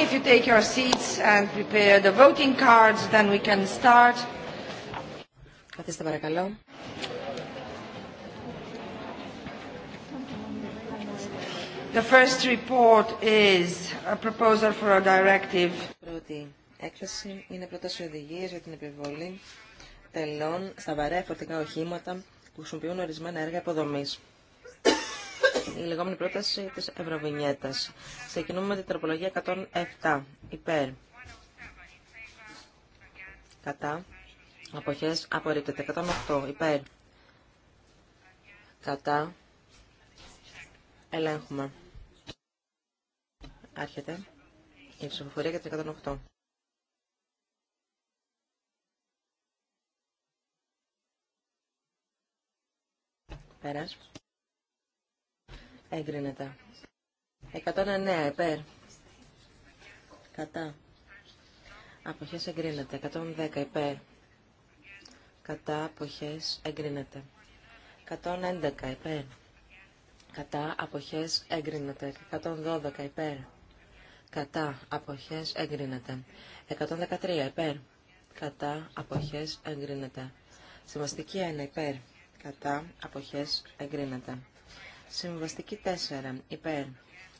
if you take seats and the Καθίστε παρακαλώ. The report is a for Πρώτη έκθεση είναι πρόταση οδηγίε για την επιβολή τελών στα βαρέα φορτικά οχήματα που χρησιμοποιούν ορισμένα έργα υποδομής η λεγόμενη πρόταση της Ευρωβινιέτας. Ξεκινούμε με την τροπολογία 107. Υπέρ. Κατά. Αποχές απορρίπτεται. 108. Υπέρ. Κατά. Ελέγχουμε. Άρχεται η ψηφοφορία για την 108. Έγκρινεται. 109 υπέρ. Κατά. Αποχές εγκρίνεται. 110 υπέρ. Κατά. Αποχές εγκρίνεται. 111 υπέρ. Κατά. Αποχές εγκρίνεται. 112 υπέρ. Κατά. Αποχές εγκρίνεται. 113 υπέρ. Κατά. Αποχές εγκρίνεται. Συμβαστική 1 υπέρ. Κατά. Αποχές εγκρίνεται. Συμβαστική 4. Υπέρ.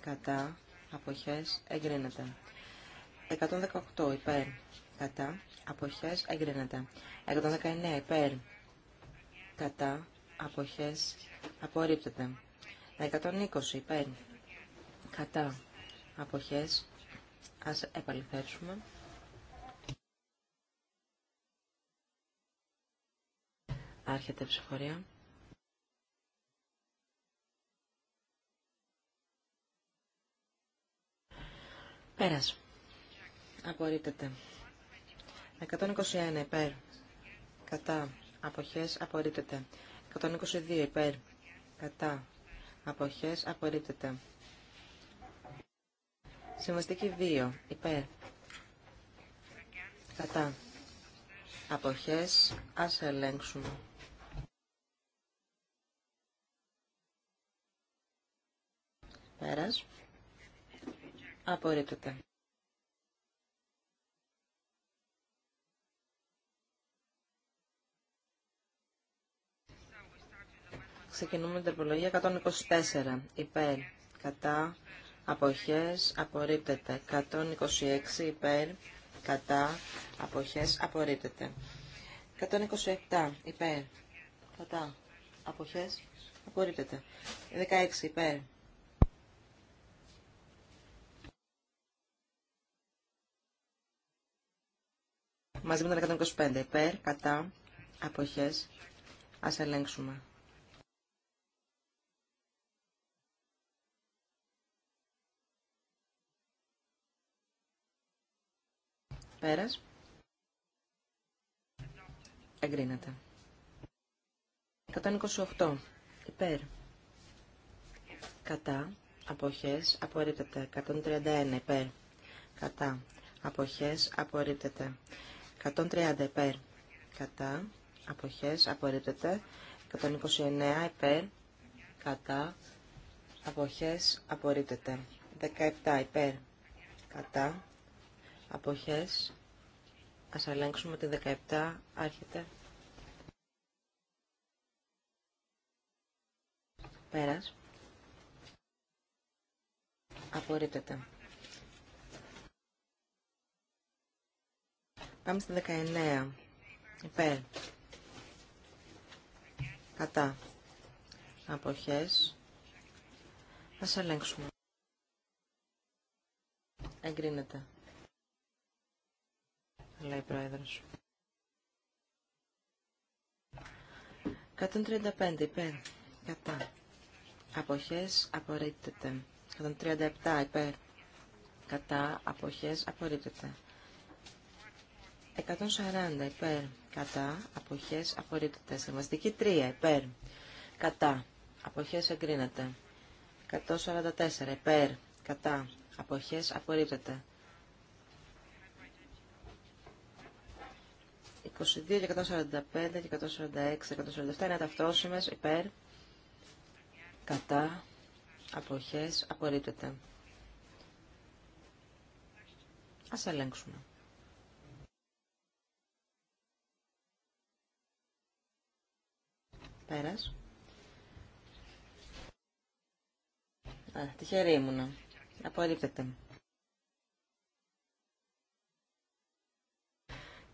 Κατά. Αποχές. Εγκρίνεται. 118. Υπέρ. Κατά. Αποχές. Εγκρίνεται. 119. Υπέρ. Κατά. Αποχές. Απορρίπτεται. 120. Υπέρ. Κατά. Αποχές. Ας επαληθεύσουμε. Άρχεται η ψηφορία. Πέρας. Απορρίπτεται. 121 υπέρ. Κατά. Αποχές απορρίπτεται. 122 υπέρ. Κατά. Αποχές απορρίπτεται. Συμβαστική 2 υπέρ. Κατά. Αποχές ας ελέγξουμε. Πέρας. Απορρίπτεται. Ξεκινούμε την τροπολογία 124. Υπέρ. Κατά. Αποχές. Απορρίπτεται. 126. Υπέρ. Κατά. Αποχές. Απορρίπτεται. 127. Υπέρ. Κατά. Αποχές. Απορρίπτεται. 16. Υπέρ. μαζί με τον 125 υπέρ, κατά, αποχές, ας ελέγξουμε. Πέρας. Εγκρίνεται. 128. Υπέρ. Κατά. Αποχές. Απορρίπτεται. 131. Υπέρ. Κατά. Αποχές. Απορρίπτεται. 130 υπέρ κατά αποχές απορρίπτεται 129 υπέρ κατά αποχές απορρίπτεται 17 υπέρ κατά αποχές ας ελέγξουμε ότι 17 άρχεται πέρας απορρίπτεται Πάμε στη 19. Υπέρ. Κατά. Αποχές. Θα σε ελέγξουμε. Εγκρίνεται. Λέει πρόεδρος. 135 υπέρ. Κατά. Αποχές απορρίπτεται. 137 υπέρ. Κατά. Αποχές απορρίπτεται. 140 υπέρ κατά αποχές απορρίπτεται. Συμβαστική 3 υπέρ κατά αποχές εγκρίνεται. 144 υπέρ κατά αποχές απορρίπτεται. 22 και 145 και 146 και 147 είναι ταυτόσιμες υπέρ κατά αποχές απορρίπτεται. Ας ελέγξουμε. Πέρας. Α, τυχερή ήμουνα. Απορρίπτεται.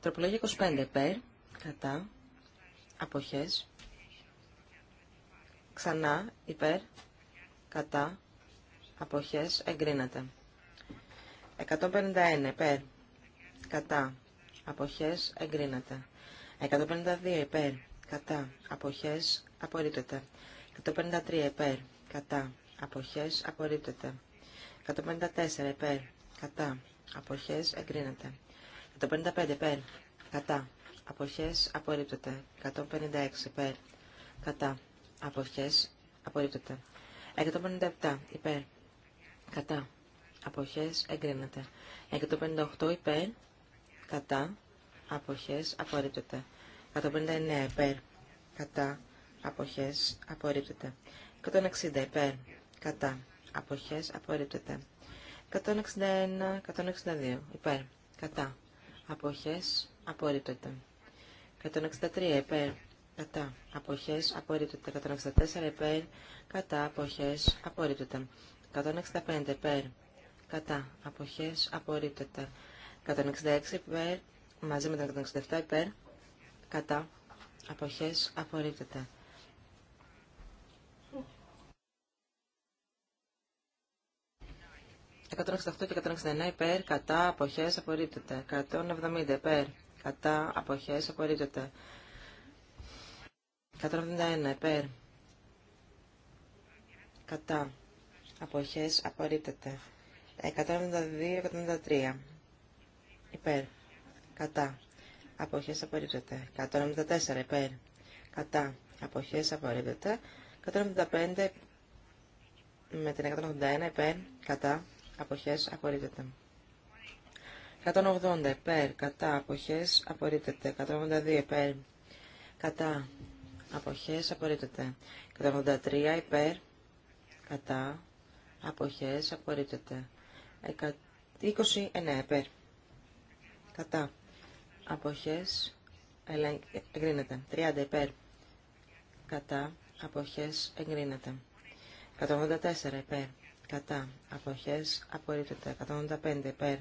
Τροπολογία 25 Περ. κατά, αποχές, ξανά υπέρ, κατά, αποχές, εγκρίνεται. 151 Περ. κατά, αποχές, εγκρίνεται. 152 υπέρ, κατά, αποχές, απορρίπτεται. 153 υπέρ, κατά, αποχές, απορρίπτεται. 154 υπέρ, κατά, αποχές, εγκρίνεται. 155 υπέρ, κατά, αποχές, απορρίπτεται. 156 υπέρ, κατά, αποχές, απορρίπτεται. 157 υπέρ, κατά, αποχές, εγκρίνεται. 158 υπέρ, κατά, αποχές, απορρίπτεται. 159 υπέρ, κατά, αποχές, απορρίπτεται. 160 υπέρ, κατά, αποχές, απορρίπτεται. 161, 162 υπέρ, κατά, αποχές, απορρίπτεται. 163 υπέρ, κατά, αποχές, απορρίπτεται. 164 υπέρ, κατά, αποχές, απορρίπτεται. 165 υπέρ, κατά, αποχές, απορρίπτεται. 166 υπέρ, μαζί με τα 167 υπέρ, κατά αποχές απορρίπτεται. ...168 και 169 υπέρ, κατά, αποχές, απορρίπτεται. 170 υπέρ, κατά, αποχές, απορρίπτεται. 171 υπέρ, κατά, αποχές, απορρίπτεται. 172-173 υπέρ, κατά, αποχές απορρίπτεται. 194 υπέρ, κατά, αποχές απορρίπτεται. 195 με την 181 υπέρ, κατά, αποχές απορρίπτεται. 180 υπέρ, κατά, αποχές απορρίπτεται. 182 υπέρ, κατά, αποχές απορρίπτεται. 183 υπέρ, κατά, αποχές απορρίπτεται. 29 υπέρ, κατά, αποχές εγκρίνεται. 30 υπέρ κατά αποχές εγκρίνεται. 184 υπέρ κατά αποχές απορρίπτεται. 185 υπέρ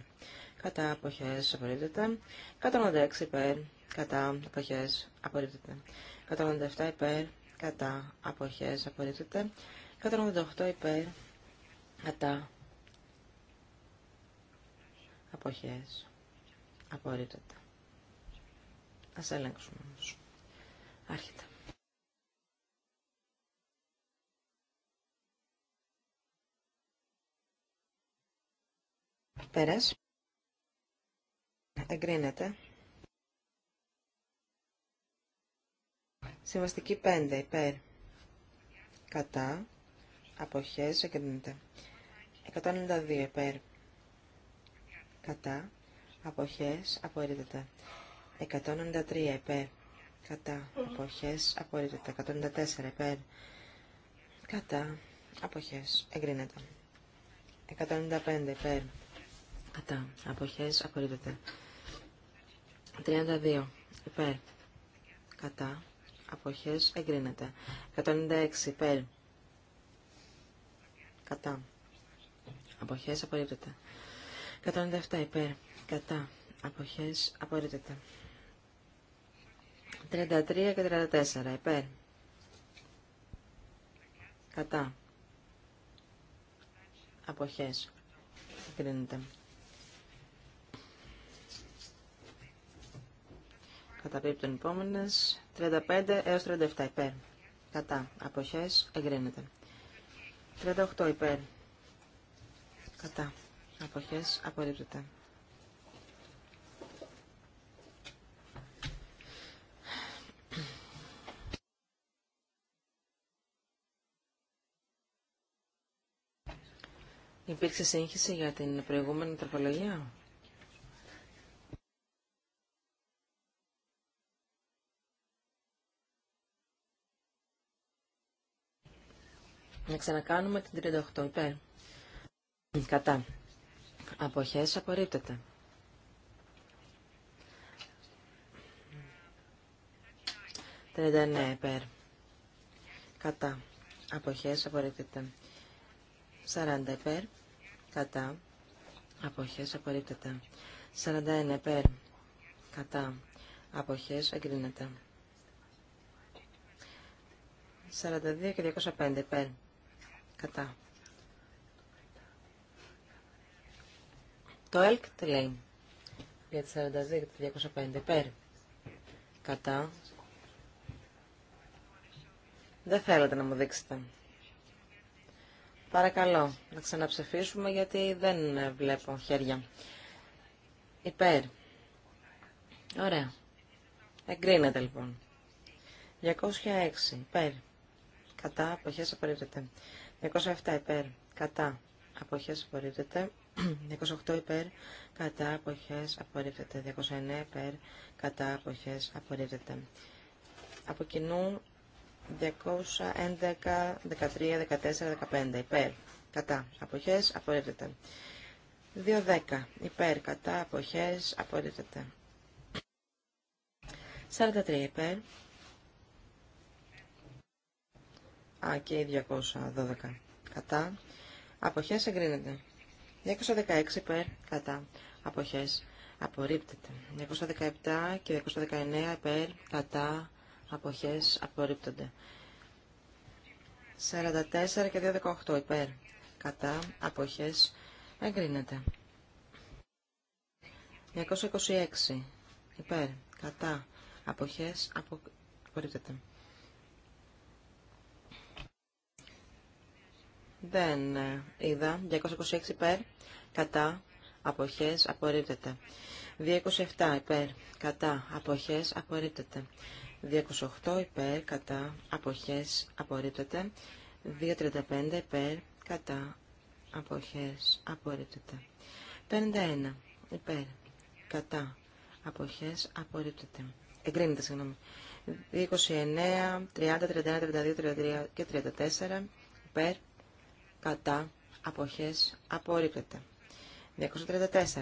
κατά αποχές απορρίπτεται. 186 υπέρ κατά αποχές απορρίπτεται. 187 υπέρ κατά αποχές απορρίπτεται. 188 υπέρ κατά αποχές απορρίπτεται. Ας ελέγξουμε όμως. Άρχεται. Πέρας. Εγκρίνεται. Συμβαστική 5 υπέρ. Κατά. Αποχές εγκρίνεται. 192 υπέρ. Κατά. Αποχές απορρίτεται. 193 υπέρ κατά αποχές απορρίπτεται 194 υπέρ κατά αποχές εγκρίνεται 195 υπέρ κατά αποχές απορρίπτεται 32 υπέρ κατά αποχές εγκρίνεται 196 υπέρ κατά αποχές απορρίπτεται 197 υπέρ κατά αποχές απορρίπτεται 33 και 34 υπέρ. Κατά. Αποχές. Εγκρίνεται. Καταπίπτουν επόμενε. 35 έως 37 υπέρ. Κατά. Αποχές. Εγκρίνεται. 38 υπέρ. Κατά. Αποχές. Απορρίπτεται. Υπήρξε σύγχυση για την προηγούμενη τροπολογία. Να ξανακάνουμε την 38 υπέρ. Κατά. Αποχές απορρίπτεται. 39 ναι, υπέρ. Κατά. Αποχές απορρίπτεται. 40 υπέρ κατά, αποχές απορρίπτεται. 41 πέρ κατά, αποχές εγκρίνεται. 42 και 205 πέρ κατά. Το ΕΛΚ τι λέει για τις 42 και 205 πέρ κατά. Δεν θέλετε να μου δείξετε. Παρακαλώ να ξαναψεφίσουμε γιατί δεν βλέπω χέρια. Υπέρ. Ωραία. Εγκρίνεται λοιπόν. 206 υπέρ. Κατά αποχές απορρίπτεται. 207 υπέρ. Κατά αποχές απορρίπτεται. 208 υπέρ. Κατά αποχές απορρίπτεται. 209 υπέρ. Κατά αποχές απορρίπτεται. Από κοινού 211, 13, 14, 15 υπέρ. Κατά αποχές απορρίπτεται. 210 υπέρ. Κατά αποχές απορρίπτεται. 43 υπέρ. Α, και 212 κατά. Αποχές εγκρίνεται. 216 υπέρ κατά. Αποχές απορρίπτεται. 217 και 219 υπέρ κατά αποχές απορρίπτονται. 44 και 218 υπέρ, κατά, αποχές εγκρίνεται. 226 υπέρ, κατά, αποχές απο... απορρίπτεται. Δεν ε, είδα. 226 υπέρ, κατά, αποχές απορρίπτεται. 227 υπέρ, κατά, αποχές απορρίπτεται. 28 υπέρ κατά αποχές απορρίπτεται. 235 υπέρ κατά αποχές απορρίπτεται. 51 υπέρ κατά αποχές απορρίπτεται. Εγκρίνεται, συγγνώμη. 29, 30, 31, 32, 33 και 34 υπέρ κατά αποχές απορρίπτεται. 234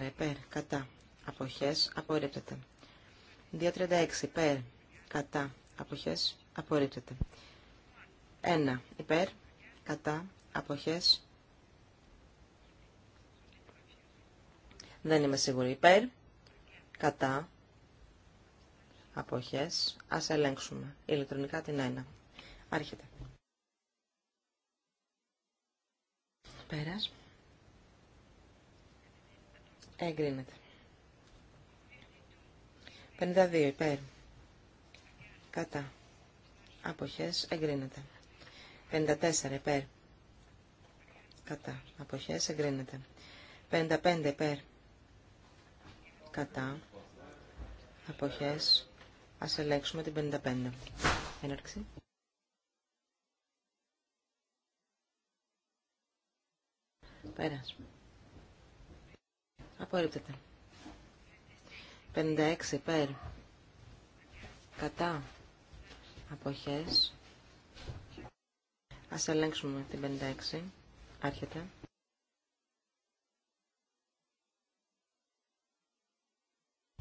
υπέρ κατά αποχές απορρίπτεται. 236 υπέρ κατά αποχές απορρίπτεται. 1 υπέρ κατά αποχές δεν είμαι σίγουρη υπέρ κατά αποχές ας ελέγξουμε ηλεκτρονικά την 1 άρχεται πέρας εγκρίνεται 52 υπέρ κατά αποχές εγκρίνεται. 54 υπέρ κατά αποχές εγκρίνεται. 55 υπέρ κατά αποχές ας ελέγξουμε την 55. Έναρξη. Πέρας. Απορρίπτεται. 56 υπέρ. Κατά αποχές. Ας ελέγξουμε την 56. Άρχεται.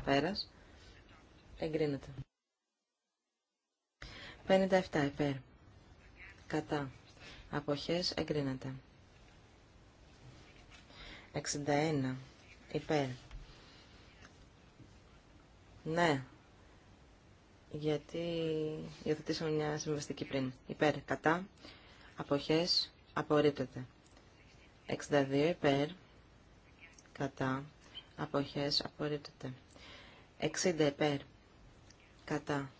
Πέρας. Εγκρίνεται. 57. Υπέρ. Κατά. Αποχές. Εγκρίνεται. 61. Υπέρ. Ναι γιατί υιοθετήσαμε μια συμβαστική πριν. Υπέρ, κατά, αποχές, απορρίπτεται. 62 υπέρ, κατά, αποχές, απορρίπτεται. 60 υπέρ, κατά,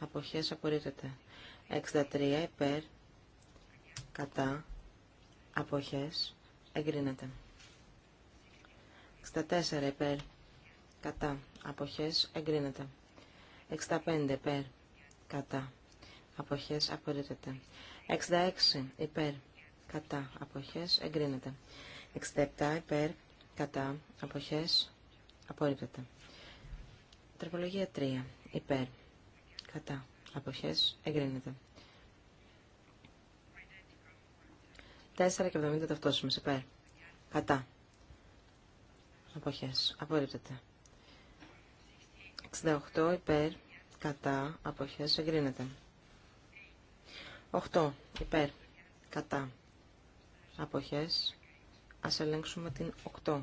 αποχές, απορρίπτεται. 63 υπέρ, κατά, αποχές, εγκρίνεται. 64 υπέρ, κατά, αποχές, εγκρίνεται. 65 υπέρ. Κατά. Αποχές απορρίπτεται. 66 υπέρ. Κατά. Αποχές εγκρίνεται. 67 υπέρ. Κατά. Αποχές απορρίπτεται. Τροπολογία 3 υπέρ. Κατά. Αποχές εγκρίνεται. 4 και 70 ταυτόσιμες υπέρ. Κατά. Αποχές. Απορρίπτεται. 68 υπέρ, κατά, αποχές, εγκρίνεται. 8 υπέρ, κατά, αποχές, ας ελέγξουμε την 8.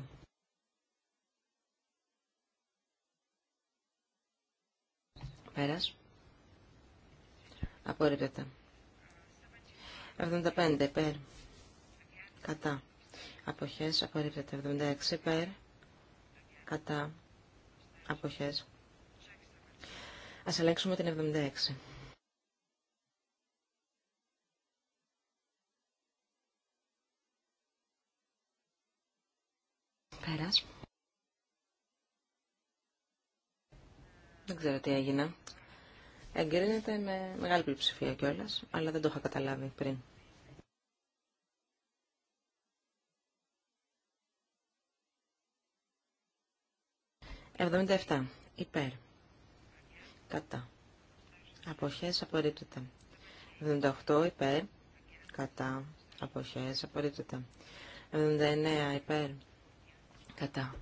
Πέρας. Απορρίπτεται. 75 υπέρ. Κατά. Αποχές. Απορρίπτεται. 76 υπέρ. Κατά. Αποχές. Ας ελέγξουμε την 76. Πέρας. Δεν ξέρω τι έγινε. Εγκρίνεται με μεγάλη πλειοψηφία κιόλα, αλλά δεν το είχα καταλάβει πριν. Εβδομήντα υπέρ κατά. Αποχές απορρίπτεται. 78 υπέρ, κατά. Αποχές απορρίπτεται. 79 υπέρ, κατά.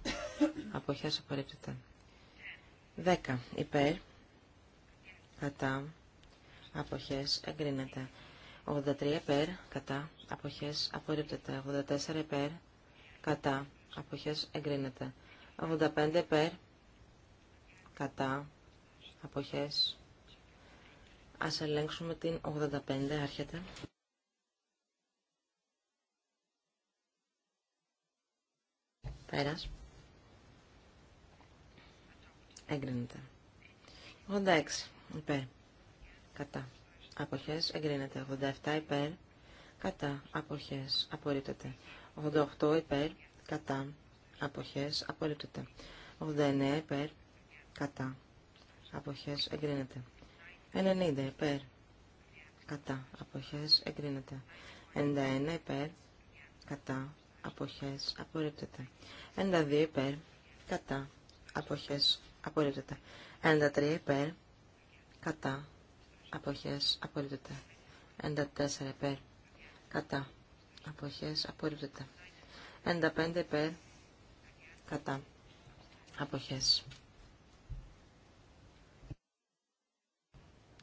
Αποχές απορρίπτεται. 10 υπέρ, κατά. Αποχές εγκρίνεται. 83 υπέρ, κατά. Αποχές απορρίπτεται. 84 υπέρ, κατά. Αποχές εγκρίνεται. 85 υπέρ, κατά αποχές. Ας ελέγξουμε την 85, άρχεται. Πέρας. Εγκρίνεται. 86, υπέρ. Κατά. Αποχές, εγκρίνεται. 87, υπέρ. Κατά. Αποχές, απορρίπτεται. 88, υπέρ. Κατά. Αποχές, απορρίπτεται. 89, υπέρ. Κατά αποχές εγκρίνεται. 90 υπέρ κατά αποχές εγκρίνεται. 91 υπέρ κατά αποχές απορρίπτεται. 92 υπέρ κατά αποχές απορρίπτεται. 93 υπέρ κατά αποχές απορρίπτεται. 94 υπέρ κατά αποχές απορρίπτεται. 95 υπέρ κατά αποχές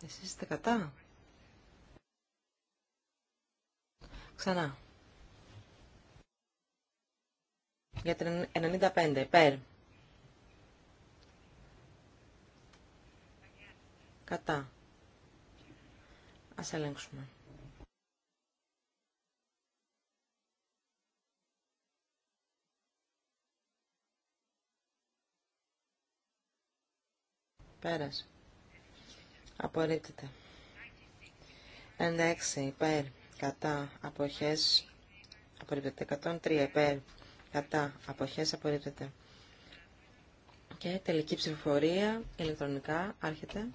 Εσείς είστε κατά. Ξανά. Για την 95. Υπέρ. Κατά. Ας ελέγξουμε. Πέρασε. Απορρίπτεται. 96 υπέρ κατά αποχές απορρίπτεται. 103 υπέρ κατά αποχές απορρίπτεται. Και τελική ψηφοφορία ηλεκτρονικά άρχεται.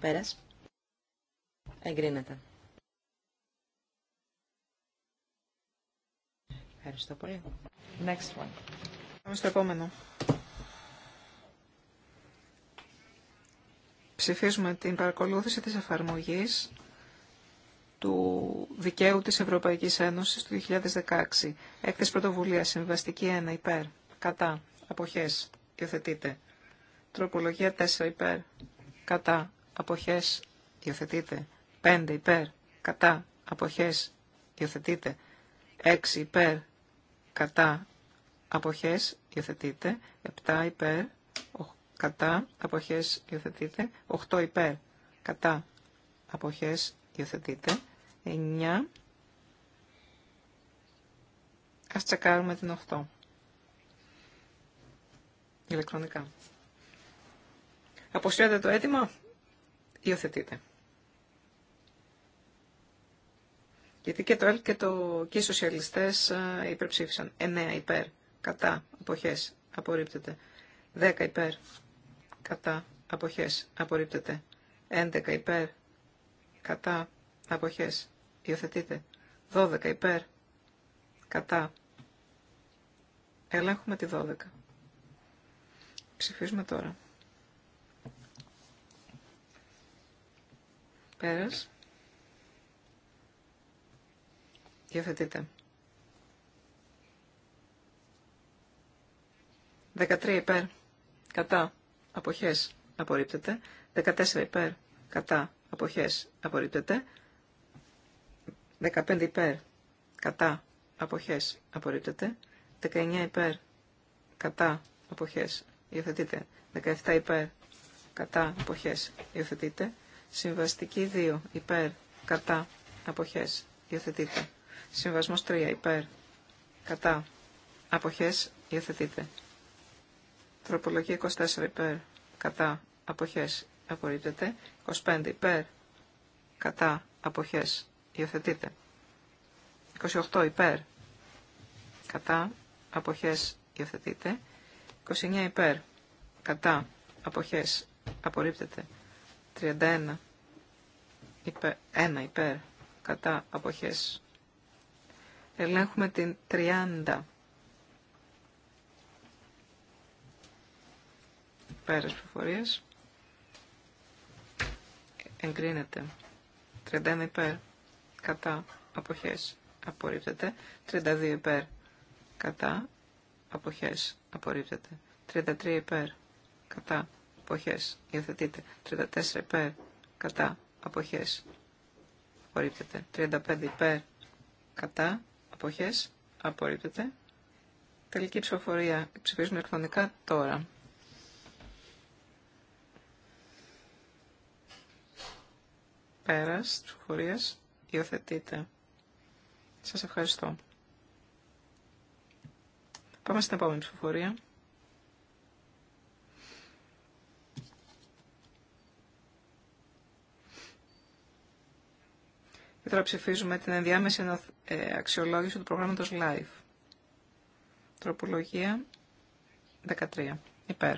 Πέρας. Εγκρίνεται. Ευχαριστώ πολύ. Next one. Πάμε στο επόμενο. Ψηφίζουμε την παρακολούθηση της εφαρμογής του δικαίου της Ευρωπαϊκής Ένωσης του 2016. Έκθεση πρωτοβουλία συμβαστική 1 υπέρ. Κατά. Αποχές. Υιοθετείται. Τροπολογία 4 υπέρ. Κατά. Αποχές. Υιοθετείται. 5 υπέρ. Κατά. Αποχές. υιοθετείτε. 6 υπέρ κατά αποχές υιοθετείται, 7 υπέρ, κατά αποχές υιοθετείται, 8 υπέρ, κατά αποχές υιοθετείται, 9, ας τσεκάρουμε την 8, ηλεκτρονικά. Αποσύρετε το αίτημα, υιοθετείται. Γιατί και το ΕΛ και, το... και οι σοσιαλιστές υπερψήφισαν. 9 υπέρ, κατά, αποχές, απορρίπτεται. 10 υπέρ, κατά, αποχές, απορρίπτεται. 11 υπέρ, κατά, αποχές, υιοθετείται. 12 υπέρ, κατά. Ελέγχουμε τη 12. Ψηφίζουμε τώρα. Πέρας. 13 υπέρ. Κατά. Αποχές. Απορρίπτεται. 14 υπέρ. Κατά. Αποχές. Απορρίπτεται. 15 υπέρ. Κατά. Αποχές. Απορρίπτεται. 19 υπέρ. Κατά. Αποχές. Υιοθετείτε. 17 υπέρ. Κατά. Αποχές. Υιοθετείτε. Συμβαστική 2 υπέρ. Κατά. Αποχές. Υιοθετείτε. Συμβασμό 3 υπέρ. Κατά. Αποχές υιοθετείται. Τροπολογία 24 υπέρ. Κατά. Αποχές απορρίπτεται. 25 υπέρ. Κατά. Αποχές υιοθετείται. 28 υπέρ. Κατά. Αποχές υιοθετείται. 29 υπέρ. Κατά. Αποχές απορρίπτεται. 31 υπέρ. 1 Κατά. Αποχές Ελέγχουμε την 30. Πέρας προφορίας. Εγκρίνεται. 31 υπέρ. Κατά. Αποχές. Απορρίπτεται. 32 υπέρ. Κατά. Αποχές. Απορρίπτεται. 33 υπέρ. Κατά. Αποχές. Υιοθετείται. 34 υπέρ. Κατά. Αποχές. Απορρίπτεται. 35 υπέρ. Κατά εποχές Απορρίπτεται. Τελική ψηφοφορία. Ψηφίζουν ηλεκτρονικά τώρα. Πέρας ψηφοφορίας. Υιοθετείτε. Σας ευχαριστώ. Πάμε στην επόμενη ψηφοφορία. Και τώρα ψηφίζουμε την ενδιάμεση ε, αξιολόγηση του προγράμματος LIFE. Τροπολογία 13. Υπέρ.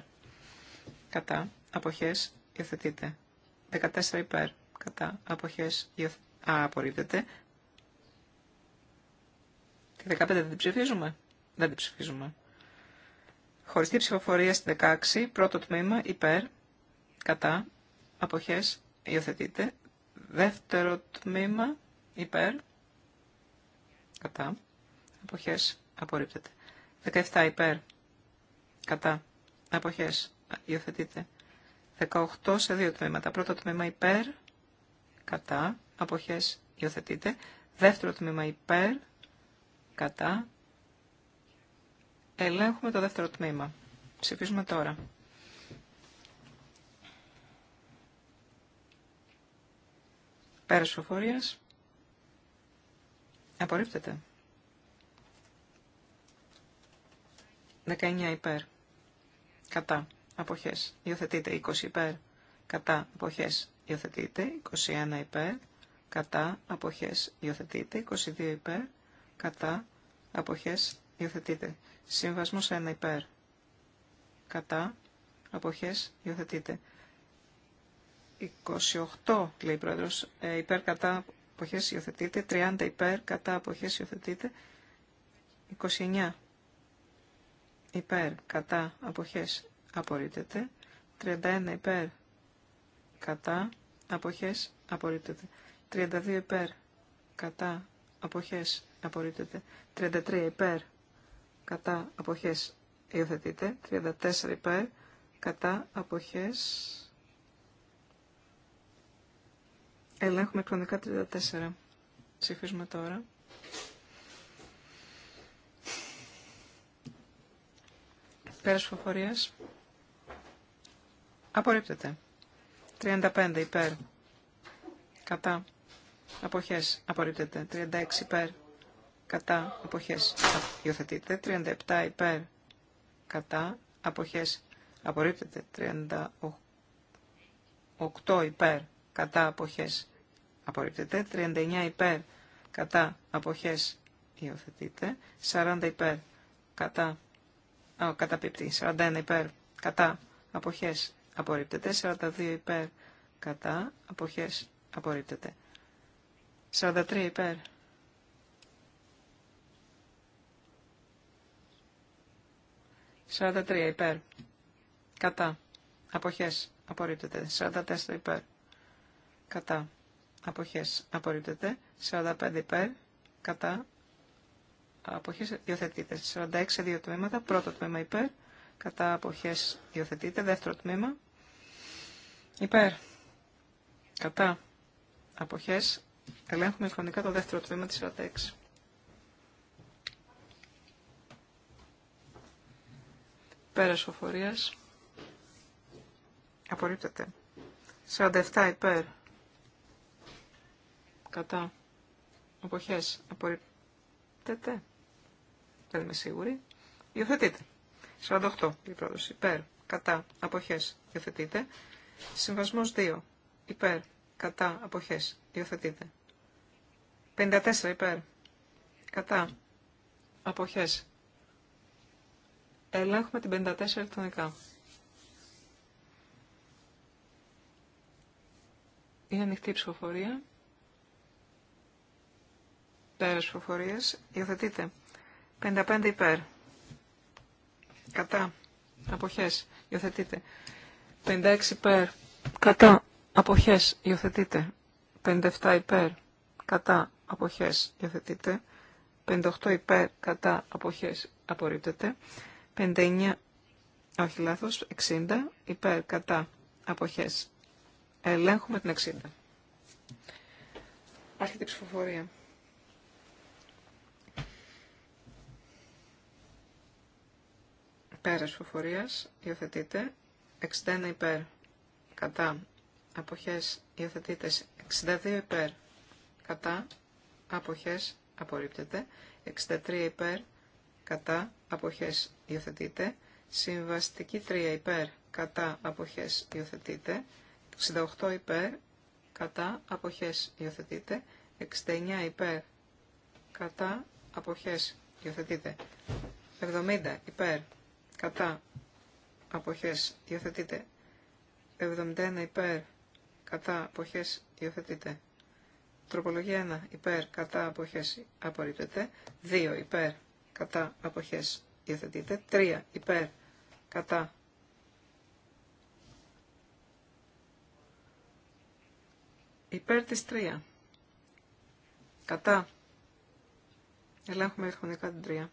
Κατά. Αποχές. υιοθετείτε. 14 υπέρ. Κατά. Αποχές. Υιοθε... Α, Τη 15 δεν την ψηφίζουμε. Δεν την ψηφίζουμε. Χωριστή ψηφοφορία στη 16. Πρώτο τμήμα. Υπέρ. Κατά. Αποχές. υιοθετείτε. Δεύτερο τμήμα υπέρ. Κατά. Αποχές. Απορρίπτεται. 17 υπέρ. Κατά. Αποχές. Υιοθετείται. 18 σε δύο τμήματα. Πρώτο τμήμα υπέρ. Κατά. Αποχές. Υιοθετείται. Δεύτερο τμήμα υπέρ. Κατά. Ελέγχουμε το δεύτερο τμήμα. Ψηφίζουμε τώρα. Πέρας ψηφοφορίας. Απορρίπτεται. 19 υπέρ. Κατά. Αποχές. Υιοθετείται. 20 υπέρ. Κατά. Αποχές. Υιοθετείται. 21 υπέρ. Κατά. Αποχές. Υιοθετείται. 22 υπέρ. Κατά. Αποχές. υιοθετείτε. Συμβασμός 1 υπέρ. Κατά. Αποχές. Υιοθετείται. 28 λέει η ε, υπέρ κατά αποχές υιοθετείται, 30 υπέρ κατά αποχές υιοθετείται, 29 υπέρ κατά αποχές απορρίτεται, 31 υπέρ κατά αποχές απορρίτεται, 32 υπέρ κατά αποχές απορρίτεται, 33 υπέρ κατά αποχές υιοθετείται, 34 υπέρ κατά αποχές Ελέγχουμε κρονικά 34. Ψηφίζουμε τώρα. Πέρας φοφορίας. Απορρίπτεται. 35 υπέρ. Κατά. Αποχές. Απορρίπτεται. 36 υπέρ. Κατά. Αποχές. Υιοθετείται. 37 υπέρ. Κατά. Αποχές. Απορρίπτεται. 38 υπέρ. Κατά. Αποχές απορρίπτεται, 39 υπέρ κατά αποχές υιοθετείται, 40 υπέρ κατά, α, καταπίπτει, 41 υπέρ κατά αποχές απορρίπτεται, 42 υπέρ κατά αποχές απορρίπτεται, 43 υπέρ Σαράντα τρία υπέρ. Κατά. Αποχές. Απορρίπτεται. 44 υπέρ. Κατά αποχές απορρίπτεται, 45 υπέρ, κατά, αποχές διοθετείται. 46 δύο τμήματα, πρώτο τμήμα υπέρ, κατά αποχές υιοθετείται, δεύτερο τμήμα, υπέρ, κατά, αποχές, ελέγχουμε χρονικά το δεύτερο τμήμα της 46. Πέρας οφορίας. Απορρίπτεται. 47 υπέρ Κατά. Αποχές. Απορρίπτεται. Δεν είμαι σίγουρη. Υιοθετείτε. 48. Η πρόταση. Υπέρ. Κατά. Αποχές. Υιοθετείτε. Συμβασμός 2. Υπέρ. Κατά. Αποχές. Υιοθετείτε. 54. Υπέρ. Κατά. Αποχές. Ελέγχουμε την 54 ηλεκτρονικά. Είναι ανοιχτή η ψηφοφορία. Πέρας ψηφοφορίας. Υιοθετείτε. 55 υπέρ. Κατά. Αποχές. Υιοθετείτε. 56 υπέρ. Κατά. Αποχές. Υιοθετείτε. 57 υπέρ. Κατά. Αποχές. Υιοθετείτε. 58 υπέρ. Κατά. Αποχές. Απορρίπτεται. 59. Όχι λάθος. 60 υπέρ. Κατά. Αποχές. Ελέγχουμε την 60. Άρχεται η ψηφοφορία. Πέρας φοφορίας υιοθετείται 61 υπέρ. Κατά αποχές υιοθετείται 62 υπέρ. Κατά αποχές απορρίπτεται 63 υπέρ. Κατά αποχές υιοθετείται. Συμβαστική 3 υπέρ. Κατά αποχές υιοθετείται. 68 υπέρ. Κατά αποχές υιοθετείται. 69 υπέρ. Κατά αποχές υιοθετείται. 70 υπέρ κατά αποχές υιοθετείται 71 υπέρ κατά αποχές υιοθετείται τροπολογία 1 υπέρ κατά αποχές απορρίπτεται 2 υπέρ κατά αποχές υιοθετείται 3 υπέρ κατά υπέρ της 3 κατά ελέγχουμε ερχονικά την 3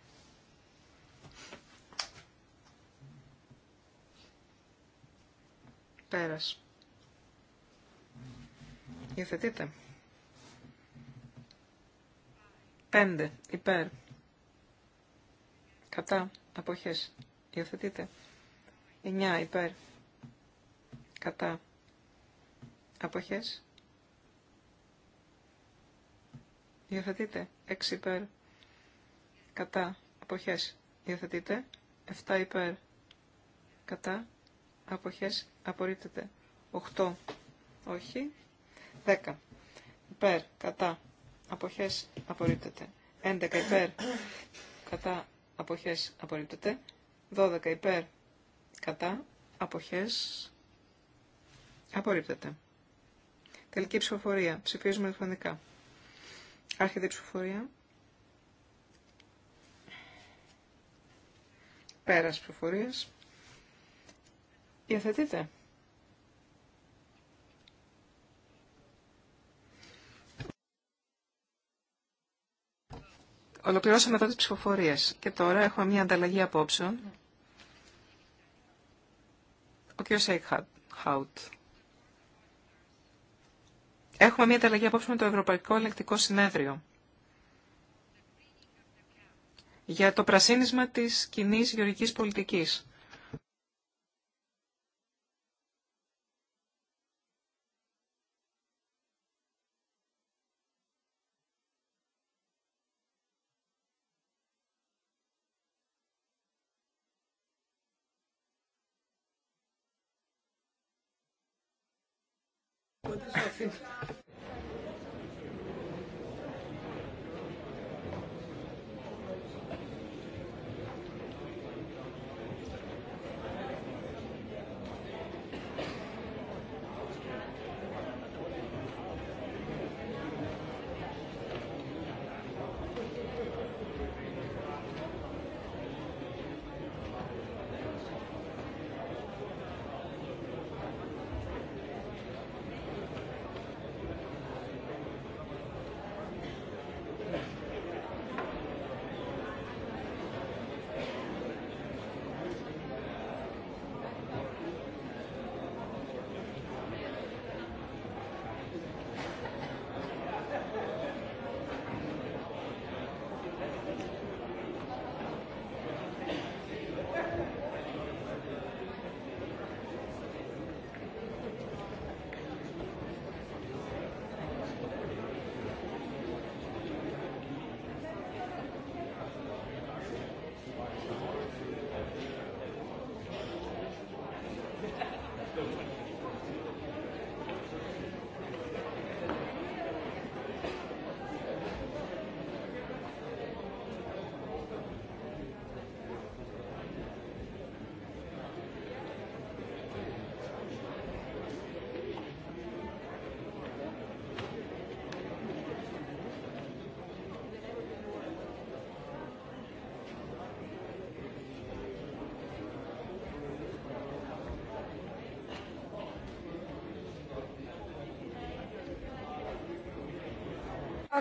Πέρας. Υιοθετείτε. 5. Υπέρ. Κατά. Αποχές. Υιοθετείτε. 9. Υπέρ. Κατά. Αποχές. Υιοθετείτε. 6. Υπέρ. Κατά. Αποχές. Υιοθετείτε. 7. Υπέρ. Κατά αποχές απορρίπτεται. 8 όχι. 10 υπέρ κατά αποχές απορρίπτεται. 11 υπέρ κατά αποχές απορρίπτεται. 12 υπέρ κατά αποχές απορρίπτεται. Τελική ψηφοφορία. Ψηφίζουμε ηλεκτρονικά. Άρχεται η ψηφοφορία. Πέρας ψηφοφορίας. Υιοθετείτε. Ολοκληρώσαμε εδώ τις ψηφοφορίες και τώρα έχουμε μια ανταλλαγή απόψεων. Ο κ. Σέικχαουτ. Έχουμε μια ανταλλαγή απόψεων με το Ευρωπαϊκό Ελεκτικό Συνέδριο για το πρασίνισμα της κοινή γεωργικής πολιτικής. απορροφή.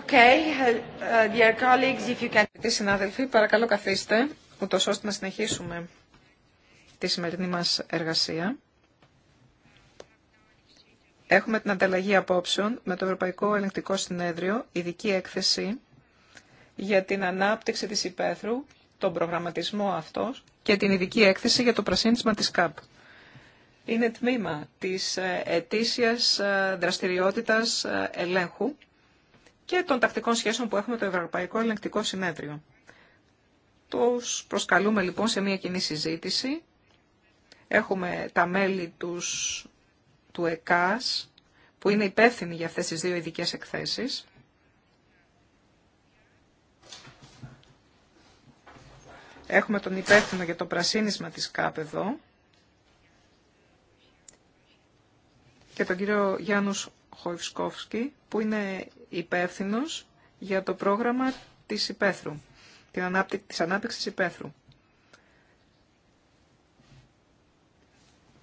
Okay, uh, dear colleagues, if you can... Συνάδελφοι, παρακαλώ καθίστε, ούτως ώστε να συνεχίσουμε τη σημερινή μας εργασία. Έχουμε την ανταλλαγή απόψεων με το Ευρωπαϊκό Ελεγκτικό Συνέδριο, ειδική έκθεση για την ανάπτυξη της υπαίθρου, τον προγραμματισμό αυτός και την ειδική έκθεση για το πρασίνισμα της ΚΑΠ. Είναι τμήμα της ε, ετήσιας ε, δραστηριότητας ε, ελέγχου και των τακτικών σχέσεων που έχουμε το Ευρωπαϊκό Ελεγκτικό Συνέδριο. Τους προσκαλούμε λοιπόν σε μια κοινή συζήτηση. Έχουμε τα μέλη τους, του ΕΚΑΣ που είναι υπεύθυνοι για αυτές τις δύο ειδικέ εκθέσεις. Έχουμε τον υπεύθυνο για το πρασίνισμα της ΚΑΠ εδώ και τον κύριο Γιάννους Χοϊφσκόφσκι που είναι υπεύθυνο για το πρόγραμμα τη υπαίθρου, την ανάπτυξη, της ανάπτυξης υπαίθρου.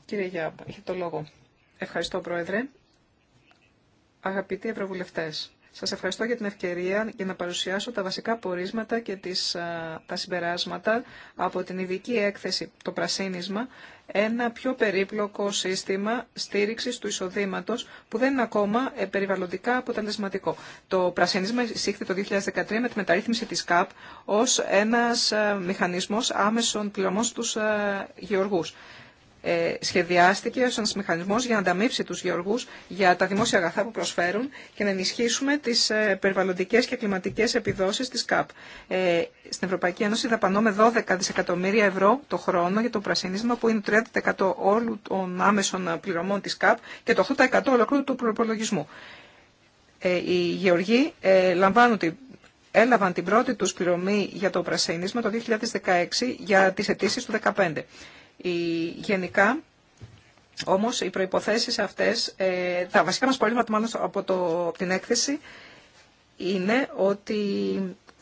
Κύριε Γιάπα, έχετε το λόγο. Ευχαριστώ, Πρόεδρε. Αγαπητοί ευρωβουλευτέ. Σας ευχαριστώ για την ευκαιρία για να παρουσιάσω τα βασικά πορίσματα και τις, τα συμπεράσματα από την ειδική έκθεση «Το Πρασίνισμα», ένα πιο περίπλοκο σύστημα στήριξης του εισοδήματος που δεν είναι ακόμα ε, περιβαλλοντικά αποτελεσματικό. Το πρασίνισμα εισήχθη το 2013 με τη μεταρρύθμιση της ΚΑΠ ως ένας ε, μηχανισμός άμεσων πληρωμών στους ε, γεωργούς. Ε, σχεδιάστηκε ως ένας μηχανισμός για να ανταμείψει τους γεωργούς για τα δημόσια αγαθά που προσφέρουν και να ενισχύσουμε τις ε, περιβαλλοντικές και κλιματικές επιδόσεις της ΚΑΠ. Ε, στην Ευρωπαϊκή Ένωση δαπανώμε 12 δισεκατομμύρια ευρώ το χρόνο για το πρασίνισμα που είναι 30% όλων των άμεσων πληρωμών της ΚΑΠ και το 8% ολοκλήρου του προπολογισμού. οι γεωργοί λαμβάνουν την έλαβαν την πρώτη τους πληρωμή για το πρασίνισμα το 2016 για τις αιτήσει του 2015 γενικά, όμως, οι προϋποθέσεις αυτές, ε, τα βασικά μας προβλήματα μάλλον από, το, την έκθεση, είναι ότι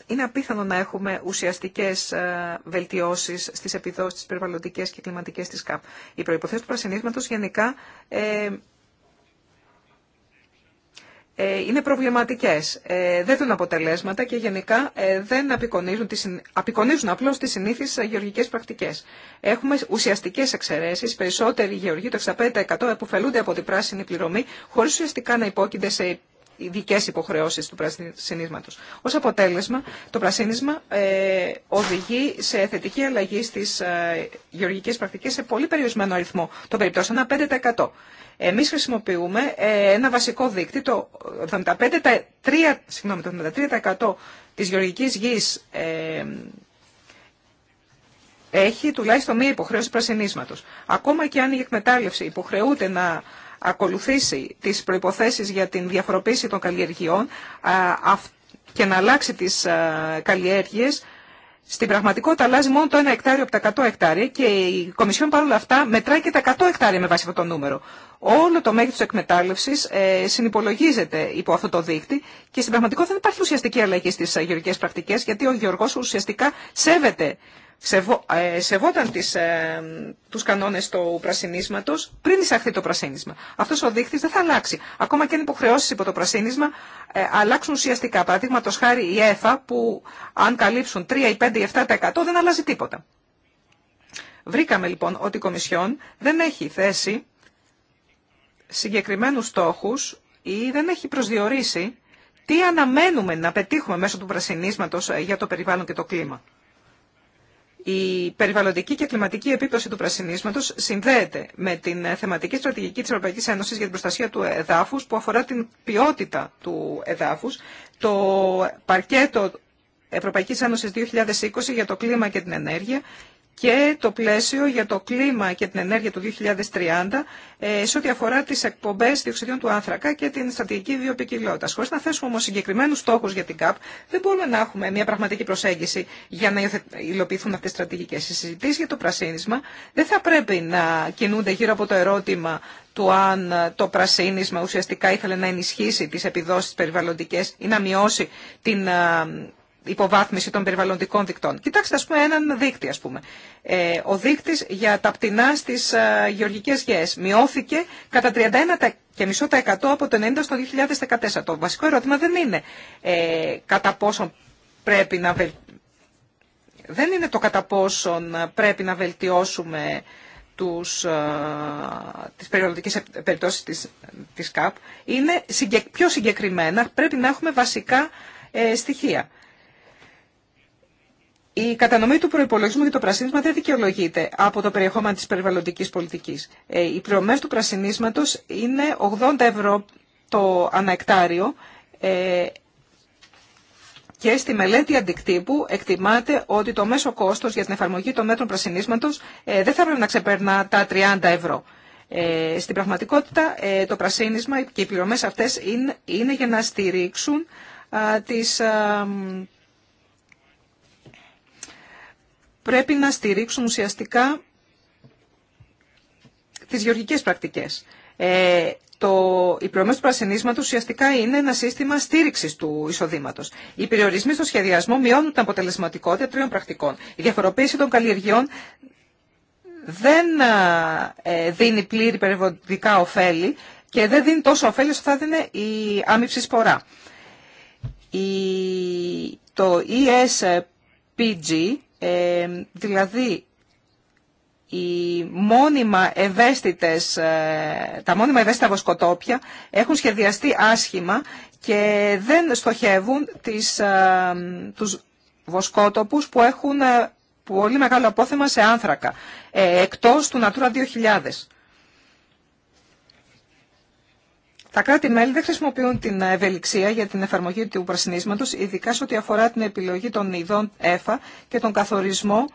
είναι απίθανο να έχουμε ουσιαστικές ε, βελτιώσεις στις επιδόσεις περιβαλλοντικές και κλιματικές της ΚΑΠ. Οι προποθέσει του πρασινίσματο γενικά ε, ε, είναι προβληματικές, ε, δεν δίνουν αποτελέσματα και γενικά ε, δεν απεικονίζουν, τις, απεικονίζουν απλώς τις συνήθεις γεωργικές πρακτικές. Έχουμε ουσιαστικές εξαιρέσεις, περισσότεροι γεωργοί, το 65% αποφελούνται από την πράσινη πληρωμή, χωρίς ουσιαστικά να υπόκεινται σε ειδικέ υποχρεώσει του πρασινίσματο. Ω αποτέλεσμα, το πρασίνισμα ε, οδηγεί σε θετική αλλαγή στι ε, γεωργικέ πρακτικέ σε πολύ περιορισμένο αριθμό των περιπτώσεων, ένα 5%. Εμείς χρησιμοποιούμε ε, ένα βασικό δείκτη, το το 73% της γεωργικής γης ε, έχει τουλάχιστον μία υποχρέωση πρασινίσματος. Ακόμα και αν η εκμετάλλευση υποχρεούται να ακολουθήσει τις προϋποθέσεις για την διαφοροποίηση των καλλιεργειών και να αλλάξει τις καλλιέργειες, στην πραγματικότητα αλλάζει μόνο το 1 εκτάριο από τα 100 εκτάρια και η Κομισιόν παρόλα αυτά μετράει και τα 100 εκτάρια με βάση αυτό το νούμερο όλο το μέγεθος εκμετάλλευσης ε, συνυπολογίζεται υπό αυτό το δείκτη και στην πραγματικότητα δεν υπάρχει ουσιαστική αλλαγή στι γεωργικές πρακτικέ, γιατί ο γεωργός ουσιαστικά σέβεται, σεβό, ε, σεβόταν ε, τους κανόνες του πρασινίσματο πριν εισαχθεί το πρασίνισμα. Αυτό ο δείκτης δεν θα αλλάξει. Ακόμα και αν υποχρεώσει υπό το πρασίνισμα ε, αλλάξουν ουσιαστικά. Παραδείγματο χάρη η ΕΦΑ που αν καλύψουν 3 ή 5 ή 7% δεν αλλάζει τίποτα. Βρήκαμε λοιπόν ότι η Κομισιόν δεν έχει θέση συγκεκριμένους στόχους ή δεν έχει προσδιορίσει τι αναμένουμε να πετύχουμε μέσω του πρασινίσματος ε, για το περιβάλλον και το κλίμα. Η περιβαλλοντική και κλιματική επίπτωση του πρασινίσματος συνδέεται με την ε, θεματική στρατηγική της Ευρωπαϊκής Ένωσης για την προστασία του εδάφους που αφορά την ποιότητα του εδάφους. το παρκέτο Ευρωπαϊκής Ένωσης 2020 για το κλίμα και την ενέργεια και το πλαίσιο για το κλίμα και την ενέργεια του 2030 ε, σε ό,τι αφορά τις εκπομπές διοξιδίων του άνθρακα και την στρατηγική βιοπικιλότητα. Χωρίς να θέσουμε όμως συγκεκριμένους στόχους για την ΚΑΠ, δεν μπορούμε να έχουμε μια πραγματική προσέγγιση για να υλοποιηθούν αυτές τι στρατηγικές. Οι συζητήσεις για το πρασίνισμα δεν θα πρέπει να κινούνται γύρω από το ερώτημα του αν το πρασίνισμα ουσιαστικά ήθελε να ενισχύσει τις επιδόσεις περιβαλλοντικές ή να μειώσει την ε, υποβάθμιση των περιβαλλοντικών δικτών. Κοιτάξτε, ας πούμε, έναν δίκτυο. ας πούμε. Ε, ο δίκτυς για τα πτηνά στις α, ε, γεωργικές γεές μειώθηκε κατά 31,5% από το 90% στο 2014. Το βασικό ερώτημα δεν είναι ε, κατά πόσον πρέπει να βελ... δεν είναι το κατά πόσον πρέπει να βελτιώσουμε τους, α, τις περιβαλλοντικές περιπτώσεις της, της ΚΑΠ. Είναι πιο συγκεκριμένα πρέπει να έχουμε βασικά στοιχεία. Η κατανομή του προπολογισμού για το πρασίνισμα δεν δικαιολογείται από το περιεχόμενο τη περιβαλλοντική πολιτική. Ε, οι πληρωμέ του πρασινίσματο είναι 80 ευρώ το αναεκτάριο ε, και στη μελέτη αντικτύπου εκτιμάται ότι το μέσο κόστο για την εφαρμογή των μέτρων πρασινίσματο ε, δεν θα έπρεπε να ξεπερνά τα 30 ευρώ. Στην πραγματικότητα το πρασίνισμα και οι πληρωμέ αυτέ είναι για να στηρίξουν τις πρέπει να στηρίξουν ουσιαστικά τις γεωργικές πρακτικές. Ε, το, του πρασινίσματος ουσιαστικά είναι ένα σύστημα στήριξης του εισοδήματος. Οι περιορισμοί στο σχεδιασμό μειώνουν την αποτελεσματικότητα τριών πρακτικών. Η διαφοροποίηση των καλλιεργειών δεν ε, δίνει πλήρη περιβαλλοντικά ωφέλη και δεν δίνει τόσο ωφέλη όσο θα δίνει η άμυψη σπορά. το ESPG ε, δηλαδή, οι μόνιμα ευαίσθητες, ε, τα μόνιμα ευαίσθητα βοσκοτόπια έχουν σχεδιαστεί άσχημα και δεν στοχεύουν τις, ε, τους βοσκότοπους που έχουν πολύ μεγάλο απόθεμα σε άνθρακα, εκτός του Natura 2000. Τα κράτη-μέλη δεν χρησιμοποιούν την ευελιξία για την εφαρμογή του πρασινίσματος, ειδικά σε ό,τι αφορά την επιλογή των ειδών ΕΦΑ και τον καθορισμό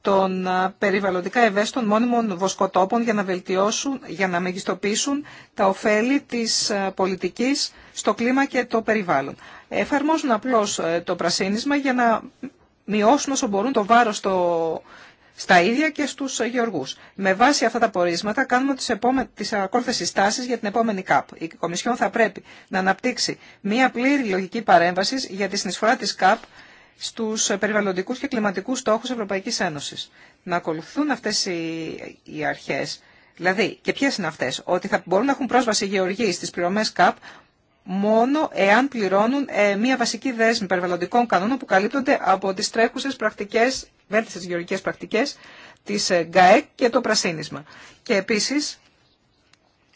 των περιβαλλοντικά ευαίσθητων μόνιμων βοσκοτόπων για να βελτιώσουν, για να μεγιστοποιήσουν τα ωφέλη της πολιτικής στο κλίμα και το περιβάλλον. Εφαρμόζουν απλώς ε, το πρασίνισμα για να μειώσουν όσο μπορούν το βάρος στο, στα ίδια και στους γεωργούς. Με βάση αυτά τα πορίσματα κάνουμε τις, επόμε... τις ακόλουθες συστάσεις για την επόμενη ΚΑΠ. Η Κομισιόν θα πρέπει να αναπτύξει μία πλήρη λογική παρέμβαση για τη συνεισφορά της ΚΑΠ στους περιβαλλοντικούς και κλιματικούς στόχους Ευρωπαϊκής Ένωσης. Να ακολουθούν αυτές οι, οι αρχές, δηλαδή και ποιες είναι αυτές, ότι θα μπορούν να έχουν πρόσβαση οι γεωργοί στις πληρωμές ΚΑΠ μόνο εάν πληρώνουν ε, μια βασική δέσμη περιβαλλοντικών κανόνων που καλύπτονται από τις τρέχουσες πρακτικές βέλτιστε γεωργικές πρακτικές της ε, ΓΑΕΚ και το πρασίνισμα. Και επίσης,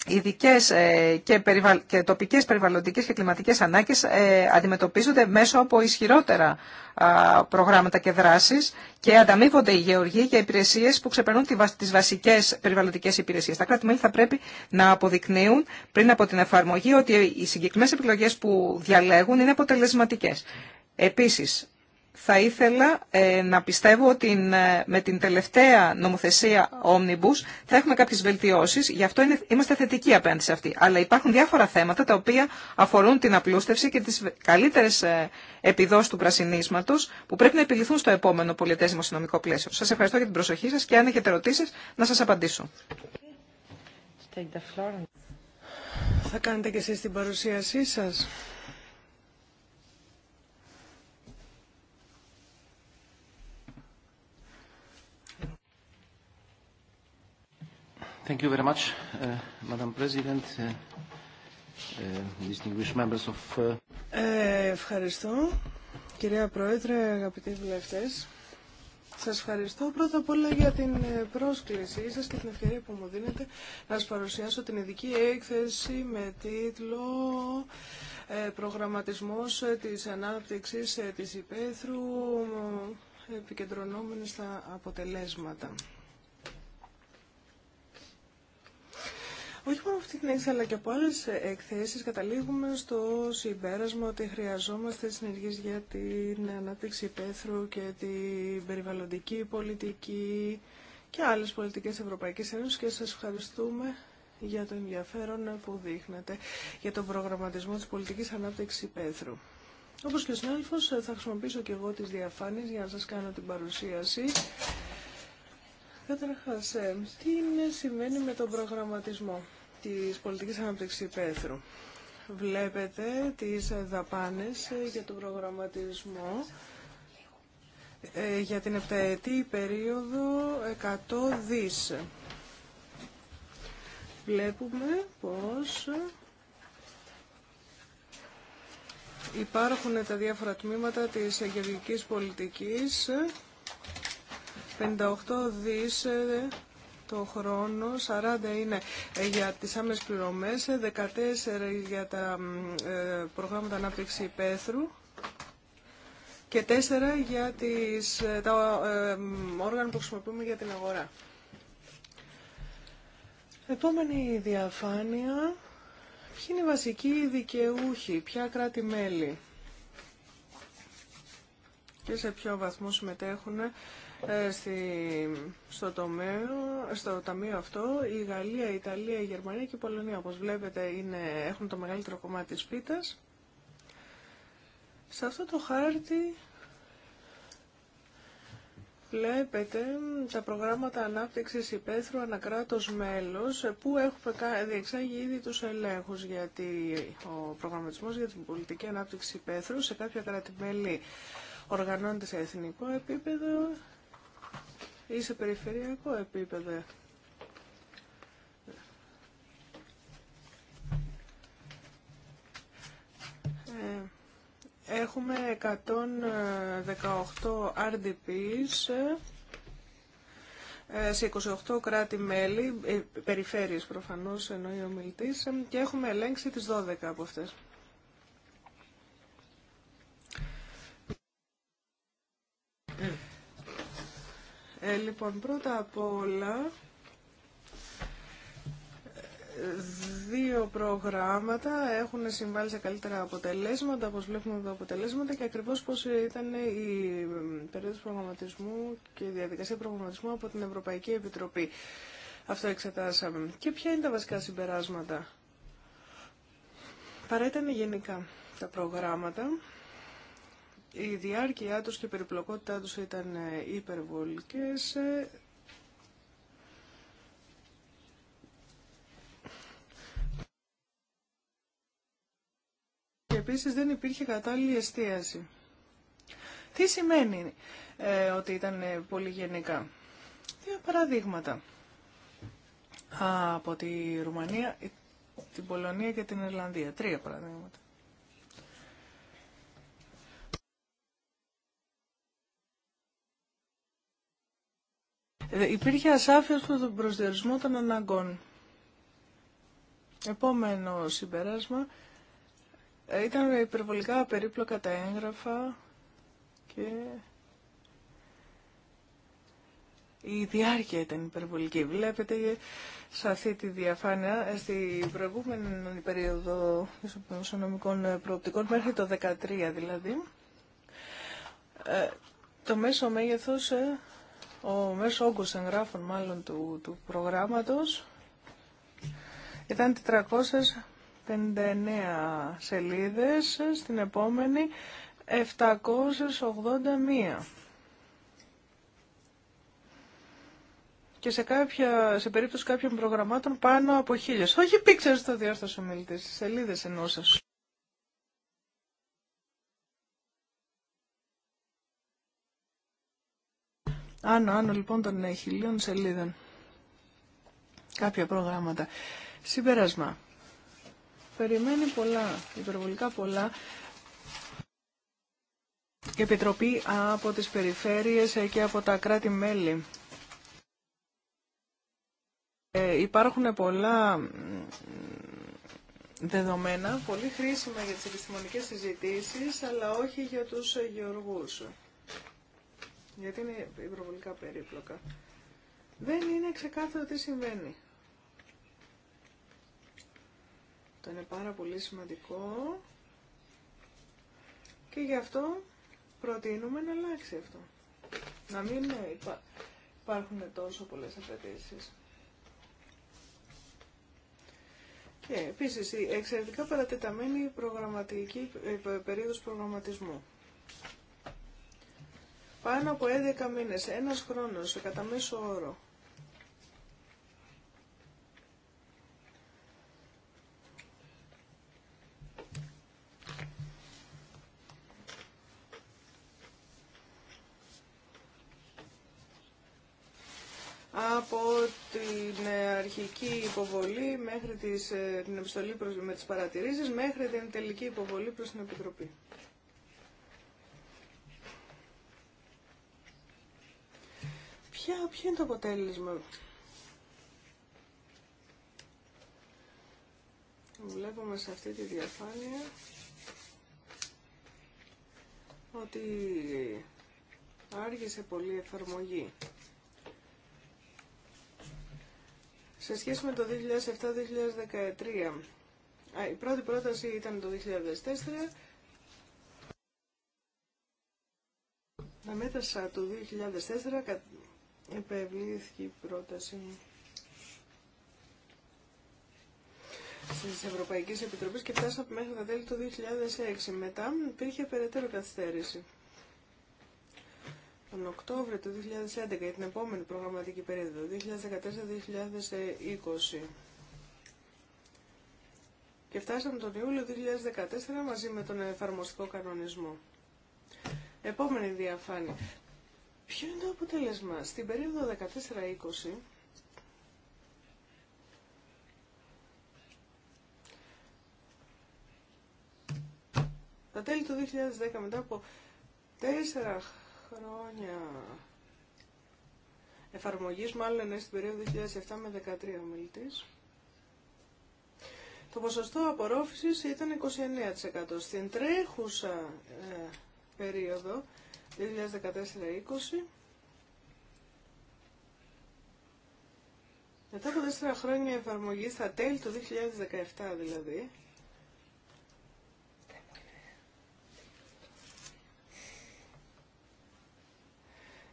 ειδικέ ε, και, περιβαλ... και τοπικές περιβαλλοντικές και κλιματικέ ανάγκες ε, αντιμετωπίζονται μέσω από ισχυρότερα προγράμματα και δράσεις και ανταμείβονται οι γεωργοί για υπηρεσίε που ξεπερνούν τι βασικέ περιβαλλοντικέ υπηρεσίε. Τα κράτη-μέλη θα πρέπει να αποδεικνύουν πριν από την εφαρμογή ότι οι συγκεκριμένε επιλογέ που διαλέγουν είναι αποτελεσματικέ. Επίσης, θα ήθελα ε, να πιστεύω ότι ε, με την τελευταία νομοθεσία Omnibus θα έχουμε κάποιες βελτιώσεις, γι' αυτό είναι, είμαστε θετικοί απέναντι σε αυτή. Αλλά υπάρχουν διάφορα θέματα τα οποία αφορούν την απλούστευση και τις καλύτερες ε, επιδόσεις του πρασινίσματος που πρέπει να επιληθούν στο επόμενο πολιτεύσιμο πολιτισμό-συνομικό πλαίσιο. Σας ευχαριστώ για την προσοχή σας και αν έχετε ερωτήσεις να σας απαντήσω. Θα κάνετε και εσείς την παρουσίασή σας. Thank you very much, uh, Madam President, uh, uh, distinguished members of... Ε, ευχαριστώ, κυρία Πρόεδρε, αγαπητοί βουλευτές. Σας ευχαριστώ πρώτα απ' όλα για την ε, πρόσκλησή σας και την ευκαιρία που μου δίνετε να σας παρουσιάσω την ειδική έκθεση με τίτλο ε, «Προγραμματισμός της ανάπτυξης της υπαίθρου επικεντρωνόμενη στα αποτελέσματα». Όχι μόνο αυτή την έκθεση, αλλά και από άλλε εκθέσει καταλήγουμε στο συμπέρασμα ότι χρειαζόμαστε συνεργεί για την ανάπτυξη υπαίθρου και την περιβαλλοντική πολιτική και άλλε πολιτικέ Ευρωπαϊκή Ένωση και σα ευχαριστούμε για το ενδιαφέρον που δείχνετε για τον προγραμματισμό της πολιτικής ανάπτυξη υπαίθρου. Όπω και ο θα χρησιμοποιήσω και εγώ τι διαφάνειε για να σα κάνω την παρουσίαση. Ε, τι είναι, σημαίνει με τον προγραμματισμό της πολιτικής ανάπτυξη υπαίθρου. Βλέπετε τις δαπάνες ε, για τον προγραμματισμό ε, για την επταετή περίοδο 100 δις. Βλέπουμε πως υπάρχουν τα διάφορα τμήματα της αγγελικής πολιτικής 58 δις ε, το χρόνο, 40 είναι ε, για τις άμεσες πληρωμές, 14 ε, για τα προγράμματα ανάπτυξη υπαίθρου και 4 για τις, τα όργανα που χρησιμοποιούμε για την αγορά. Επόμενη διαφάνεια. Ποιοι είναι οι βασικοί δικαιούχοι, ποια κράτη-μέλη και σε ποιο βαθμό συμμετέχουν ε, στο, τομέο, στο ταμείο αυτό η Γαλλία, η Ιταλία, η Γερμανία και η Πολωνία όπως βλέπετε είναι, έχουν το μεγαλύτερο κομμάτι της πίτας. Σε αυτό το χάρτη βλέπετε τα προγράμματα ανάπτυξης υπαίθρου ανακράτος μέλος που έχουμε διεξάγει ήδη τους ελέγχους γιατί ο προγραμματισμός για την πολιτική ανάπτυξη υπαίθρου σε κάποια κράτη-μέλη οργανώνεται σε εθνικό επίπεδο ή σε περιφερειακό επίπεδο. Ε, έχουμε 118 RDPs ε, σε 28 κράτη-μέλη, ε, περιφέρειες προφανώς εννοεί ο μιλητής, και έχουμε ελέγξει τις 12 από αυτές. Ε, λοιπόν, πρώτα απ' όλα, δύο προγράμματα έχουν συμβάλει σε καλύτερα αποτελέσματα, όπως βλέπουμε τα αποτελέσματα και ακριβώς πώς ήταν η περίοδος προγραμματισμού και η διαδικασία προγραμματισμού από την Ευρωπαϊκή Επιτροπή. Αυτό εξετάσαμε. Και ποια είναι τα βασικά συμπεράσματα. Παρά ήταν γενικά τα προγράμματα, η διάρκεια τους και η περιπλοκότητά τους ήταν ε, υπερβολικές. Ε. Και επίσης δεν υπήρχε κατάλληλη εστίαση. Τι σημαίνει ε, ότι ήταν πολύ γενικά. Δύο παραδείγματα. από τη Ρουμανία, την Πολωνία και την Ιρλανδία. Τρία παραδείγματα. Υπήρχε ασάφεια στον προσδιορισμό των αναγκών. Επόμενο συμπέρασμα ε, ήταν υπερβολικά περίπλοκα τα έγγραφα και η διάρκεια ήταν υπερβολική. Βλέπετε σε αυτή τη διαφάνεια, ε, στην προηγούμενη περίοδο οικονομικών προοπτικών, μέχρι το 2013 δηλαδή, ε, το μέσο μέγεθος ο μέσο όγκος εγγράφων μάλλον του, του προγράμματος ήταν 459 σελίδες, στην επόμενη 781. Και σε, κάποια, σε περίπτωση κάποιων προγραμμάτων πάνω από χίλιες. Όχι pictures στο διάσταση Σελίδε σελίδες εννοούσα. Άνω, άνω λοιπόν των χιλίων σελίδων. Κάποια προγράμματα. Συμπέρασμα. Περιμένει πολλά, υπερβολικά πολλά, Επιτροπή από τις περιφέρειες και από τα κράτη-μέλη. Ε, υπάρχουν πολλά δεδομένα, πολύ χρήσιμα για τις επιστημονικές συζητήσεις, αλλά όχι για τους γεωργούς γιατί είναι υπερβολικά περίπλοκα. Δεν είναι ξεκάθαρο τι συμβαίνει. Το είναι πάρα πολύ σημαντικό και γι' αυτό προτείνουμε να αλλάξει αυτό. Να μην υπάρχουν τόσο πολλές απαιτήσει. Και επίσης η εξαιρετικά παρατεταμένη προγραμματική ε, περίοδος προγραμματισμού. Πάνω από 11 μήνες, ένας χρόνος, κατά μέσο όρο. από την ε, αρχική υποβολή μέχρι τις, ε, την επιστολή προς, με τις παρατηρήσεις μέχρι την τελική υποβολή προς την Επιτροπή. ποια, ποιο είναι το αποτέλεσμα. Βλέπουμε σε αυτή τη διαφάνεια ότι άργησε πολύ η εφαρμογή. Σε σχέση με το 2007-2013, η πρώτη πρόταση ήταν το 2004, τα μέτρησα του 2004 επευλήθηκε η πρόταση τη Ευρωπαϊκή Επιτροπή και φτάσαμε μέχρι τα τέλη του 2006. Μετά υπήρχε περαιτέρω καθυστέρηση. Τον Οκτώβριο του 2011 για την επόμενη προγραμματική περίοδο, 2014-2020. Και φτάσαμε τον Ιούλιο 2014 μαζί με τον εφαρμοστικό κανονισμό. Επόμενη διαφάνεια. Ποιο είναι το αποτέλεσμα. Στην περίοδο 14-20 τα τέλη του 2010 μετά από τέσσερα χρόνια εφαρμογής, μάλλον είναι στην περίοδο 2007 με 13 ομιλητής, το ποσοστό απορρόφησης ήταν 29%. Στην τρέχουσα ε, περίοδο 2014-20. Μετά από τέσσερα χρόνια εφαρμογή, στα τέλη του 2017 δηλαδή,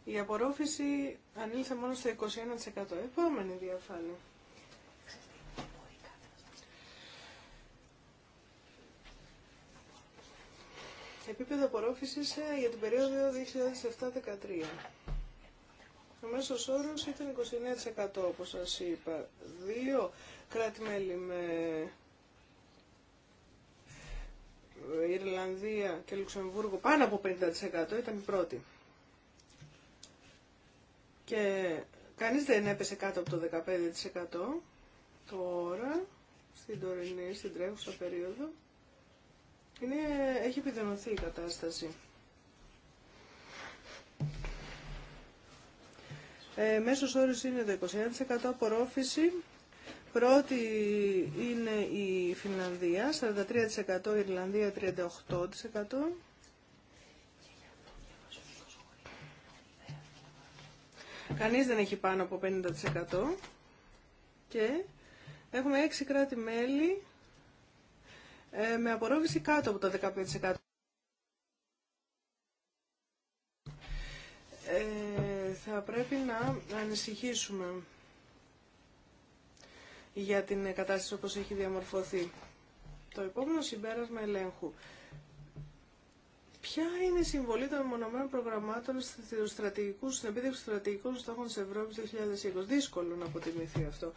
η απορρόφηση ανήλθε μόνο στο 21%. Επόμενη διαφάνεια. Επίπεδο απορρόφηση ε, για την περίοδο 2007-2013. Ο μέσο όρο ήταν 29% όπως σας είπα. Δύο κράτη-μέλη με ε, Ιρλανδία και Λουξεμβούργο πάνω από 50% ήταν η πρώτη. Και κανείς δεν έπεσε κάτω από το 15% τώρα, στην τωρινή, στην τρέχουσα περίοδο. Είναι, έχει επιδεινωθεί η κατάσταση. Ε, μέσος είναι το 21% απορρόφηση. Πρώτη είναι η Φινλανδία, 43%, η Ιρλανδία 38%. Κανείς δεν έχει πάνω από 50% και έχουμε 6 κράτη-μέλη ε, με απορρόφηση κάτω από το 15%. Ε, θα πρέπει να ανησυχήσουμε για την κατάσταση όπως έχει διαμορφωθεί. Το επόμενο συμπέρασμα ελέγχου. Ποια είναι η συμβολή των μονομένων προγραμμάτων στρατηγικούς, στην επίδευση στρατηγικών στόχων της Ευρώπης 2020. Δύσκολο να αποτιμηθεί αυτό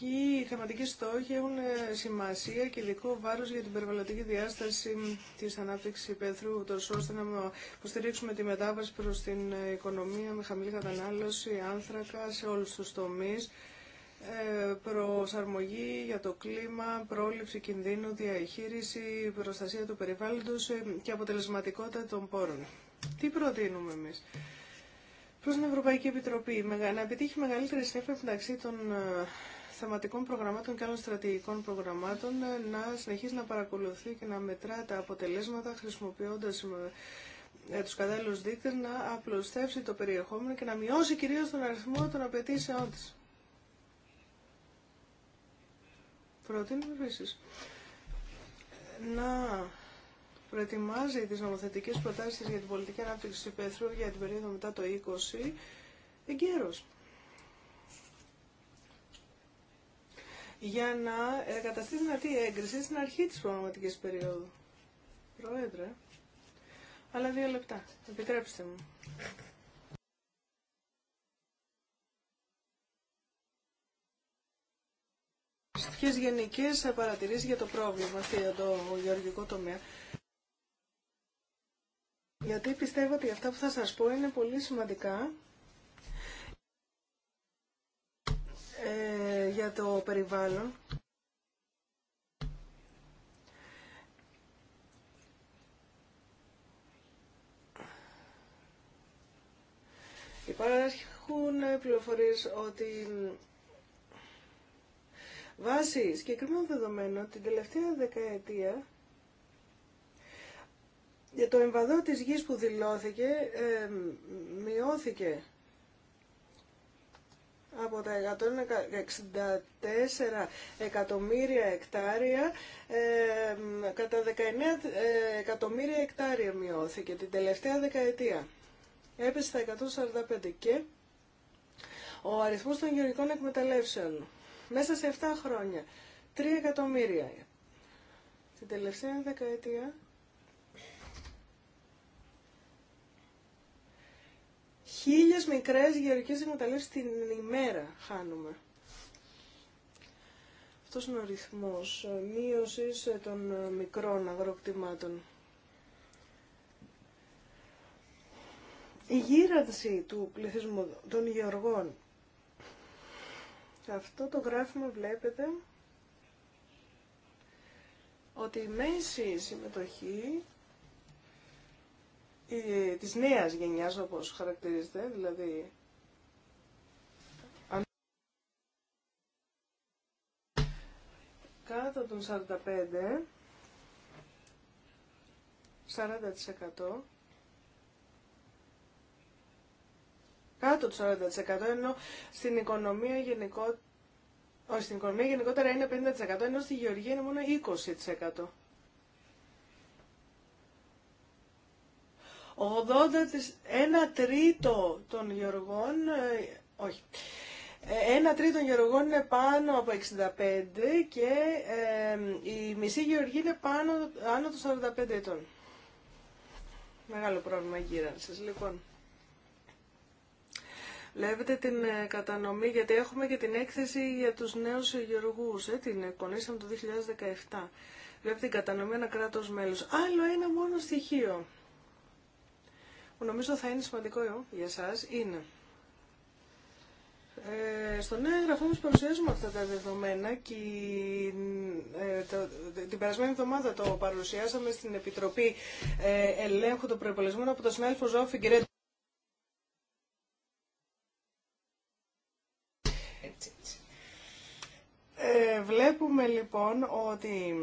ποιοι θεματικοί στόχοι έχουν ε, σημασία και ειδικό βάρο για την περιβαλλοντική διάσταση τη ανάπτυξη υπαίθρου, ώστε να υποστηρίξουμε τη μετάβαση προ την ε, οικονομία με χαμηλή κατανάλωση άνθρακα σε όλου του τομεί, ε, προσαρμογή για το κλίμα, πρόληψη κινδύνου, διαχείριση, προστασία του περιβάλλοντος και αποτελεσματικότητα των πόρων. Τι προτείνουμε εμείς προ την Ευρωπαϊκή Επιτροπή να επιτύχει μεγαλύτερη σύμφωση μεταξύ των θεματικών προγραμμάτων και άλλων στρατηγικών προγραμμάτων ε, να συνεχίσει να παρακολουθεί και να μετρά τα αποτελέσματα χρησιμοποιώντας ε, τους κατάλληλους δείκτες να απλουστεύσει το περιεχόμενο και να μειώσει κυρίως τον αριθμό των απαιτήσεών της. Προτείνουμε επίση να προετοιμάζει τις νομοθετικές προτάσεις για την πολιτική ανάπτυξη του για την περίοδο μετά το 20 εγκαίρως. για να ε, καταστεί δυνατή η έγκριση στην αρχή της προγραμματικής περίοδου. Πρόεδρε, αλλά δύο λεπτά. Επιτρέψτε μου. Στις γενικέ ε, παρατηρήσει για το πρόβλημα, για το γεωργικό τομέα. Γιατί πιστεύω ότι αυτά που θα σας πω είναι πολύ σημαντικά Ε, για το περιβάλλον. Υπάρχουν πληροφορίες ότι βάσει συγκεκριμένων δεδομένων την τελευταία δεκαετία για το εμβαδό της γης που δηλώθηκε ε, μειώθηκε από τα 164 εκατομμύρια εκτάρια, ε, κατά 19 εκατομμύρια εκτάρια μειώθηκε την τελευταία δεκαετία. Έπεσε στα 145 και ο αριθμός των γεωργικών εκμεταλλεύσεων μέσα σε 7 χρόνια 3 εκατομμύρια. Την τελευταία δεκαετία χίλιες μικρές γεωργικές εκμεταλλεύσεις την ημέρα χάνουμε. Αυτός είναι ο ρυθμός ε, μείωσης ε, των ε, μικρών αγροκτημάτων. Η γύρανση του πληθυσμού των γεωργών. Αυτό το γράφημα βλέπετε ότι η μέση συμμετοχή της νέας γενιάς όπως χαρακτηρίζεται, δηλαδή κάτω των 45, 40%, κάτω του 40% ενώ στην οικονομία γενικότερα, στην οικονομία γενικότερα είναι 50% ενώ στη γεωργία είναι μόνο 20%. Ε, ε, ένα τρίτο των γεωργών, όχι, ένα τρίτο γεωργών είναι πάνω από 65 και η μισή γεωργή είναι πάνω, άνω των 45 ετών. Μεγάλο πρόβλημα σας Λοιπόν, βλέπετε την ε, κατανομή, γιατί έχουμε και την έκθεση για τους νέους γεωργούς, ε, την εκπονήσαμε το 2017. Βλέπετε την κατανομή ένα κράτος μέλος. Άλλο ένα μόνο στοιχείο που νομίζω θα είναι σημαντικό για σας είναι ε, νέο έγγραφό μας παρουσιάζουμε αυτά τα δεδομένα και ε, το, την περασμένη εβδομάδα το παρουσιάσαμε στην Επιτροπή ε, Ελέγχου των Προεπολισμών από τον συνάδελφο Ζωά Φιγκρέντ. Ε, βλέπουμε λοιπόν ότι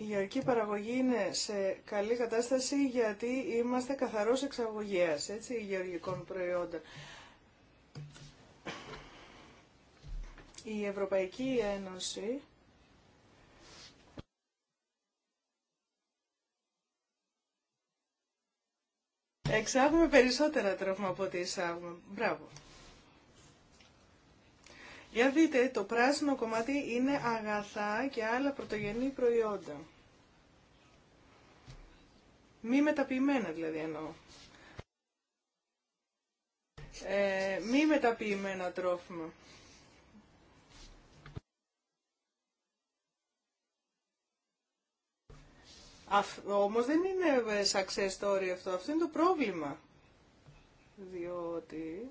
η γεωργική παραγωγή είναι σε καλή κατάσταση γιατί είμαστε καθαρός εξαγωγέας, έτσι, γεωργικών προϊόντων. Η Ευρωπαϊκή Ένωση Εξάγουμε περισσότερα τρόφιμα από ό,τι εισάγουμε. Μπράβο. Για δείτε, το πράσινο κομμάτι είναι αγαθά και άλλα πρωτογενή προϊόντα. Μη μεταποιημένα δηλαδή εννοώ. Ε, μη μεταποιημένα τρόφιμα. Όμω όμως δεν είναι ε, success story αυτό, αυτό είναι το πρόβλημα. Διότι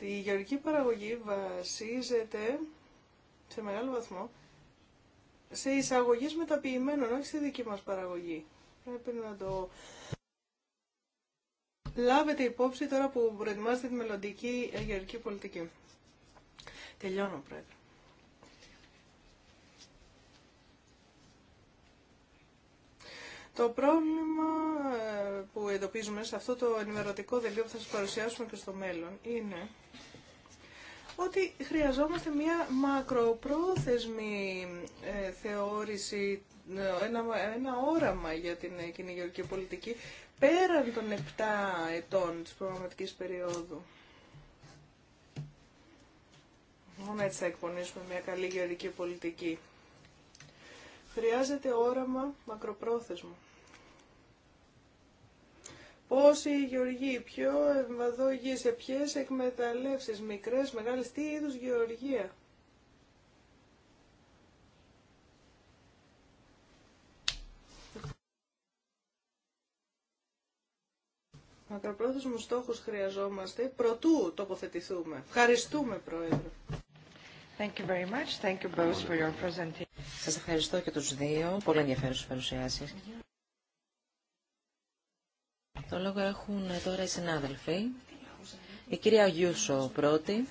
η γεωργική παραγωγή βασίζεται σε μεγάλο βαθμό σε εισαγωγές μεταποιημένων, όχι στη δική μα παραγωγή. Πρέπει να το λάβετε υπόψη τώρα που προετοιμάζετε τη μελλοντική ε, γεωργική πολιτική. Τελειώνω, Πρόεδρε. Το πρόβλημα ε, που εντοπίζουμε σε αυτό το ενημερωτικό δελτίο που θα σας παρουσιάσουμε και στο μέλλον είναι ότι χρειαζόμαστε μια μακροπρόθεσμη ε, θεώρηση, ε, ένα, ένα όραμα για την ε, κοινή γεωργική πολιτική πέραν των 7 ετών της προγραμματικής περίοδου. Μόνο έτσι θα εκπονήσουμε μια καλή γεωργική πολιτική. Χρειάζεται όραμα μακροπρόθεσμο. Πόση οι γεωργοί, πιο ευαδόγοι σε ποιες εκμεταλλεύσεις, μικρές, μεγάλες, τι είδους γεωργία. Μακροπρόθεσμους στόχους χρειαζόμαστε, προτού τοποθετηθούμε. Ευχαριστούμε, Πρόεδρε. Thank you very much. Thank you both for your presentation. Σας ευχαριστώ και τους δύο. Πολύ ενδιαφέρουσες παρουσιάσεις. Το λόγο έχουν τώρα οι συνάδελφοι. Η κυρία Γιούσο πρώτη.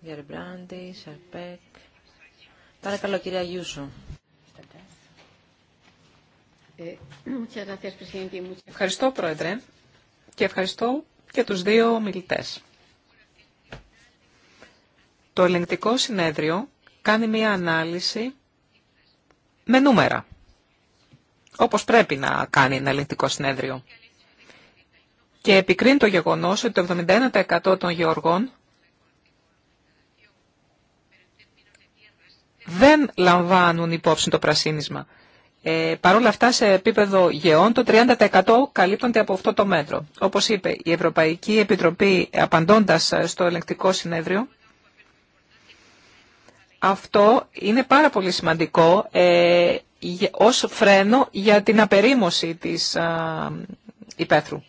Γερμπράντη, Σαρπέκ. Παρακαλώ, κυρία Γιούσο. Ευχαριστώ, Πρόεδρε, και ευχαριστώ και τους δύο μιλητές. Το ελεγκτικό συνέδριο κάνει μία ανάλυση με νούμερα όπως πρέπει να κάνει ένα ελεγκτικό συνέδριο. Και επικρίνει το γεγονός ότι το 71% των γεωργών δεν λαμβάνουν υπόψη το πρασίνισμα. Ε, Παρ' όλα αυτά, σε επίπεδο γεών, το 30% καλύπτονται από αυτό το μέτρο. Όπως είπε η Ευρωπαϊκή Επιτροπή, απαντώντας στο ελεγκτικό συνέδριο, αυτό είναι πάρα πολύ σημαντικό ε, ως φρένο για την απερίμωση της α, υπαίθρου.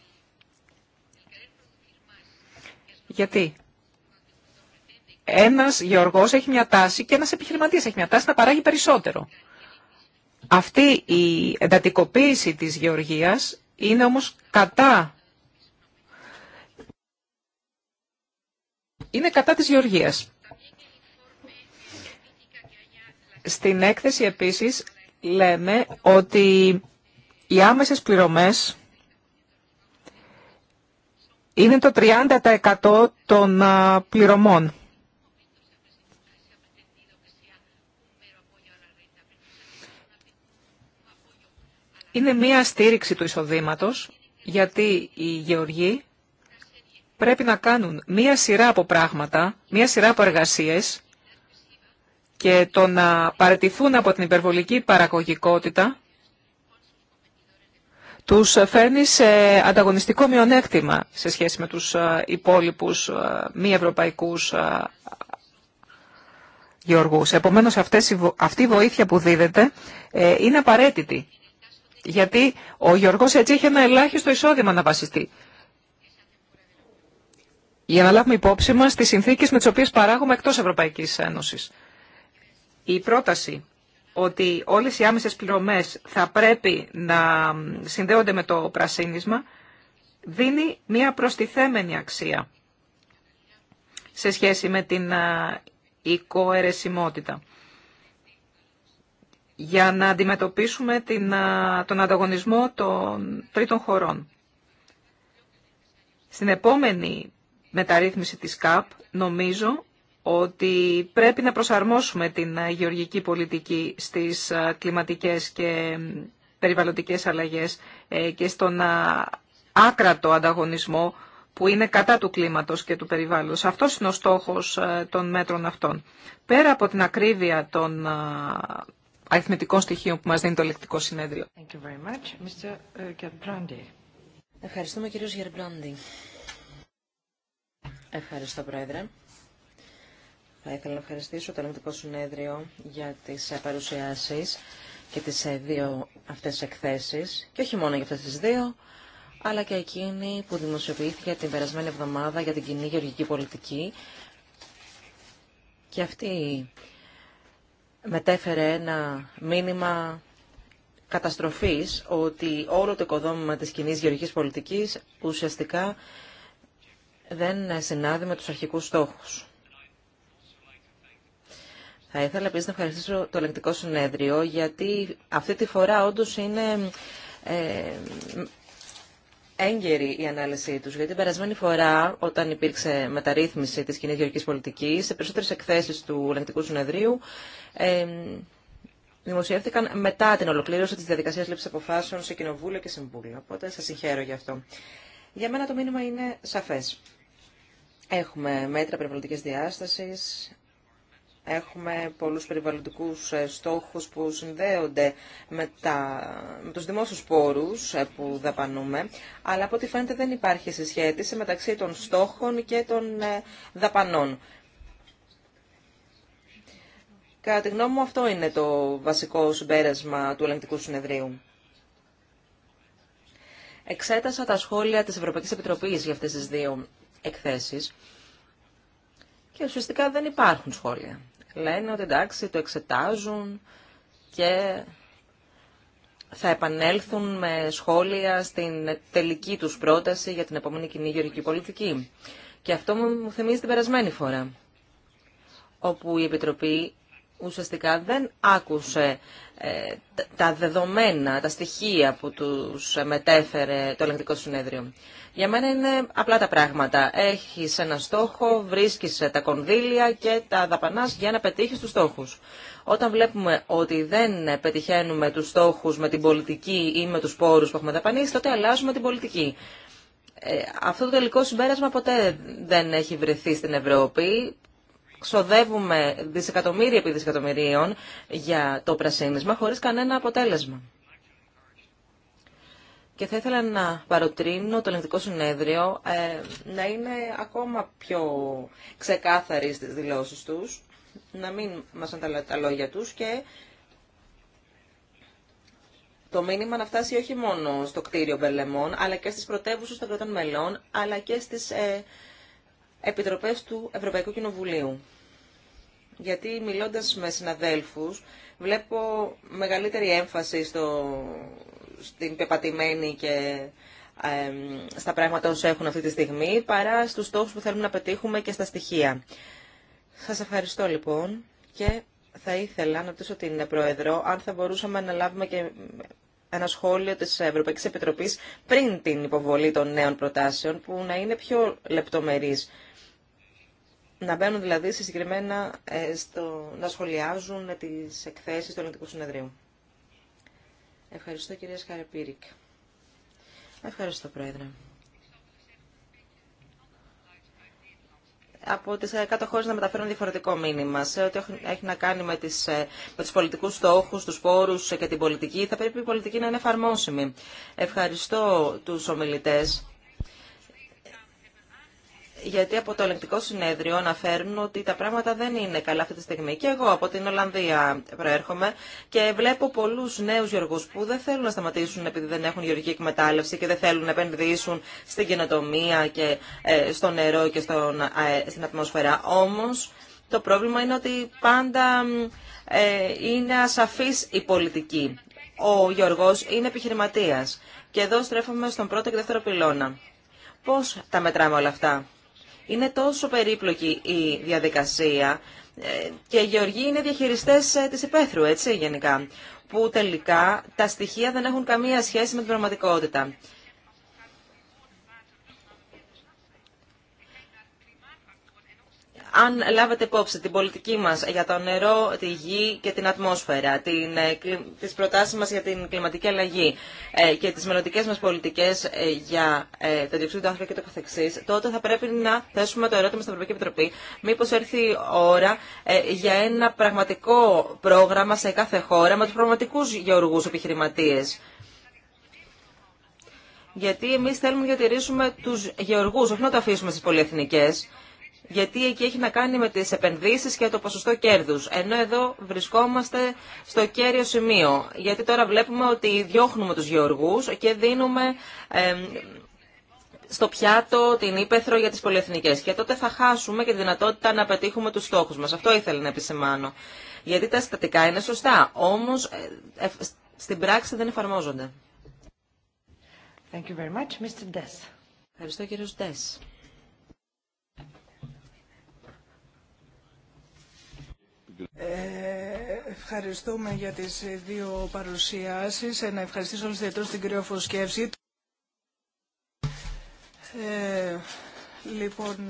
Γιατί ένας γεωργός έχει μια τάση και ένας επιχειρηματίας έχει μια τάση να παράγει περισσότερο. Αυτή η εντατικοποίηση της γεωργίας είναι όμως κατά είναι κατά της γεωργίας. Στην έκθεση επίσης λέμε ότι οι άμεσες πληρωμές είναι το 30% των πληρωμών. Είναι μία στήριξη του εισοδήματος, γιατί οι γεωργοί πρέπει να κάνουν μία σειρά από πράγματα, μία σειρά από εργασίες, και το να παραιτηθούν από την υπερβολική παραγωγικότητα τους φέρνει σε ανταγωνιστικό μειονέκτημα σε σχέση με τους ε, υπόλοιπους ε, μη ευρωπαϊκούς ε, γεωργούς. Επομένως αυτές, αυτή η βοήθεια που δίδεται είναι απαραίτητη. Γιατί ο γεωργός έτσι έχει ένα ελάχιστο εισόδημα να βασιστεί. Για να λάβουμε υπόψη μας τις συνθήκες με τις οποίες παράγουμε εκτός Ευρωπαϊκής Ένωσης. Η πρόταση ότι όλες οι άμεσες πληρωμές θα πρέπει να συνδέονται με το πρασίνισμα δίνει μία προστιθέμενη αξία σε σχέση με την οικοαιρεσιμότητα για να αντιμετωπίσουμε την, τον ανταγωνισμό των τρίτων χωρών. Στην επόμενη μεταρρύθμιση της ΚΑΠ νομίζω ότι πρέπει να προσαρμόσουμε την ε, γεωργική πολιτική στις ε, κλιματικές και περιβαλλοντικές αλλαγές ε, και στον άκρατο ανταγωνισμό που είναι κατά του κλίματος και του περιβάλλοντος. Αυτός είναι ο στόχος των μέτρων αυτών. Πέρα από την ακρίβεια των αριθμητικών στοιχείων που μας δίνει το ελεκτικό συνέδριο. Ευχαριστούμε κύριος Γερμπλόντι. Ευχαριστώ Πρόεδρε. Θα ήθελα να ευχαριστήσω το Ελληνικό Συνέδριο για τις ε, παρουσιάσεις και τις ε, δύο αυτές εκθέσεις, και όχι μόνο για αυτές τις δύο, αλλά και εκείνη που δημοσιοποιήθηκε την περασμένη εβδομάδα για την κοινή γεωργική πολιτική. Και αυτή μετέφερε ένα μήνυμα καταστροφής ότι όλο το οικοδόμημα της κοινή γεωργικής πολιτικής ουσιαστικά δεν συνάδει με τους αρχικούς στόχους. Θα ήθελα επίση να ευχαριστήσω το ελεγκτικό συνέδριο, γιατί αυτή τη φορά όντω είναι ε, έγκαιρη η ανάλυση τους. Γιατί την περασμένη φορά, όταν υπήρξε μεταρρύθμιση της κοινή γεωργικής πολιτικής, σε περισσότερες εκθέσεις του ελεγκτικού συνεδρίου, ε, δημοσιεύτηκαν μετά την ολοκλήρωση της διαδικασίας λήψης αποφάσεων σε Κοινοβούλιο και Συμβούλιο. Οπότε σας συγχαίρω γι' αυτό. Για μένα το μήνυμα είναι σαφές. Έχουμε μέτρα περιβαλλοντικής διάστασης, Έχουμε πολλούς περιβαλλοντικούς ε, στόχους που συνδέονται με, τα, με τους δημόσιους πόρους ε, που δαπανούμε, αλλά από ό,τι φαίνεται δεν υπάρχει συσχέτιση μεταξύ των στόχων και των ε, δαπανών. Κατά τη γνώμη μου αυτό είναι το βασικό συμπέρασμα του ελεγκτικού συνεδρίου. Εξέτασα τα σχόλια της Ευρωπαϊκής Επιτροπής για αυτές τις δύο εκθέσεις και ουσιαστικά δεν υπάρχουν σχόλια λένε ότι εντάξει το εξετάζουν και θα επανέλθουν με σχόλια στην τελική τους πρόταση για την επόμενη κοινή γεωργική πολιτική. Και αυτό μου θυμίζει την περασμένη φορά, όπου η Επιτροπή ουσιαστικά δεν άκουσε ε, τα δεδομένα, τα στοιχεία που τους μετέφερε το ελεγκτικό συνέδριο. Για μένα είναι απλά τα πράγματα. Έχεις ένα στόχο, βρίσκεις τα κονδύλια και τα δαπανάς για να πετύχεις τους στόχους. Όταν βλέπουμε ότι δεν πετυχαίνουμε τους στόχους με την πολιτική ή με τους πόρους που έχουμε δαπανίσει, τότε αλλάζουμε την πολιτική. Ε, αυτό το τελικό συμπέρασμα ποτέ δεν έχει βρεθεί στην Ευρώπη ξοδεύουμε δισεκατομμύρια επί δισεκατομμυρίων για το πρασίνισμα χωρίς κανένα αποτέλεσμα. Και θα ήθελα να παροτρύνω το Ελληνικό συνέδριο ε, να είναι ακόμα πιο ξεκάθαροι στις δηλώσεις τους, να μην μας ανταλλάσσουν τα λόγια τους και το μήνυμα να φτάσει όχι μόνο στο κτίριο Μπελεμών, αλλά και στις πρωτεύουσες των κρατών μελών, αλλά και στις ε, επιτροπές του Ευρωπαϊκού Κοινοβουλίου. Γιατί μιλώντας με συναδέλφους, βλέπω μεγαλύτερη έμφαση στο, στην πεπατημένη και στα πράγματα όσο έχουν αυτή τη στιγμή, παρά στους στόχους που θέλουμε να πετύχουμε και στα στοιχεία. Σας ευχαριστώ λοιπόν και θα ήθελα να ρωτήσω την Πρόεδρο αν θα μπορούσαμε να λάβουμε και ένα σχόλιο της Ευρωπαϊκής Επιτροπής πριν την υποβολή των νέων προτάσεων που να είναι πιο λεπτομερείς Να μπαίνουν δηλαδή συγκεκριμένα ε, στο, να σχολιάζουν τις εκθέσεις του Ελληνικού Συνεδρίου. Ευχαριστώ κυρία Σκαρεπίρικ. Ευχαριστώ Πρόεδρε. από τις ε, κάτω χώρες να μεταφέρουν διαφορετικό μήνυμα σε ό,τι έχει να κάνει με, τις, ε, με τους πολιτικούς στόχους, τους πόρους ε, και την πολιτική. Θα πρέπει η πολιτική να είναι εφαρμόσιμη. Ευχαριστώ τους ομιλητές γιατί από το ελεγκτικό συνέδριο αναφέρουν ότι τα πράγματα δεν είναι καλά αυτή τη στιγμή. Και εγώ από την Ολλανδία προέρχομαι και βλέπω πολλού νέου γεωργού που δεν θέλουν να σταματήσουν επειδή δεν έχουν γεωργική εκμετάλλευση και δεν θέλουν να επενδύσουν στην καινοτομία και ε, στο νερό και στον, ε, στην ατμόσφαιρα. Όμω το πρόβλημα είναι ότι πάντα ε, είναι ασαφή η πολιτική. Ο Γιωργός είναι επιχειρηματίας Και εδώ στρέφομαι στον πρώτο και δεύτερο πυλώνα. Πώς τα μετράμε όλα αυτά. Είναι τόσο περίπλοκη η διαδικασία ε, και οι γεωργοί είναι διαχειριστές ε, της υπαίθρου, έτσι γενικά, που τελικά τα στοιχεία δεν έχουν καμία σχέση με την πραγματικότητα. αν λάβετε υπόψη την πολιτική μας για το νερό, τη γη και την ατμόσφαιρα, την, ε, τις προτάσεις μας για την κλιματική αλλαγή ε, και τις μελλοντικέ μας πολιτικές ε, για το διοξείδιο του άνθρωπου και το καθεξής, τότε θα πρέπει να θέσουμε το ερώτημα στην Ευρωπαϊκή Επιτροπή μήπως έρθει η ώρα για ένα πραγματικό πρόγραμμα σε κάθε χώρα με τους πραγματικούς γεωργούς επιχειρηματίες. Γιατί εμείς θέλουμε να διατηρήσουμε τους γεωργούς, όχι να το αφήσουμε στις πολυεθνικές γιατί εκεί έχει να κάνει με τις επενδύσεις και το ποσοστό κέρδους. Ενώ εδώ βρισκόμαστε στο κέριο σημείο, γιατί τώρα βλέπουμε ότι διώχνουμε τους γεωργούς και δίνουμε στο πιάτο την ύπεθρο για τις πολυεθνικές. Και τότε θα χάσουμε και τη δυνατότητα να πετύχουμε τους στόχους μας. Αυτό ήθελα να επισημάνω. Γιατί τα στατικά είναι σωστά, όμως ε, στην πράξη δεν εφαρμόζονται. Thank you very much, Mr. Ευχαριστώ κύριος Ντες. Ε, ευχαριστούμε για τις δύο παρουσιάσεις. Ε, να ευχαριστήσω όλους ιδιαίτερως την κυρία Φωσκεύση. Ε, λοιπόν,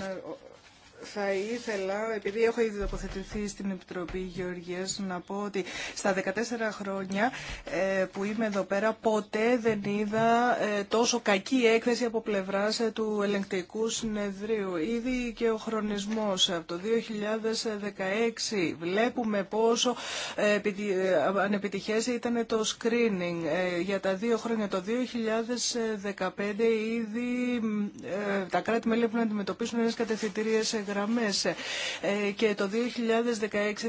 θα ήθελα, επειδή έχω ήδη τοποθετηθεί στην Επιτροπή Γεωργίας, να πω ότι στα 14 χρόνια ε, που είμαι εδώ πέρα ποτέ δεν είδα ε, τόσο κακή έκθεση από πλευράς ε, του ελεγκτικού συνεδρίου. Ήδη και ο χρονισμός από το 2016 βλέπουμε πόσο ανεπιτυχές ήταν το screening για τα δύο χρόνια. Το 2015 ήδη τα κράτη-μέλη έχουν να αντιμετωπίσουν σε κατευθυντήριες ε; και το 2016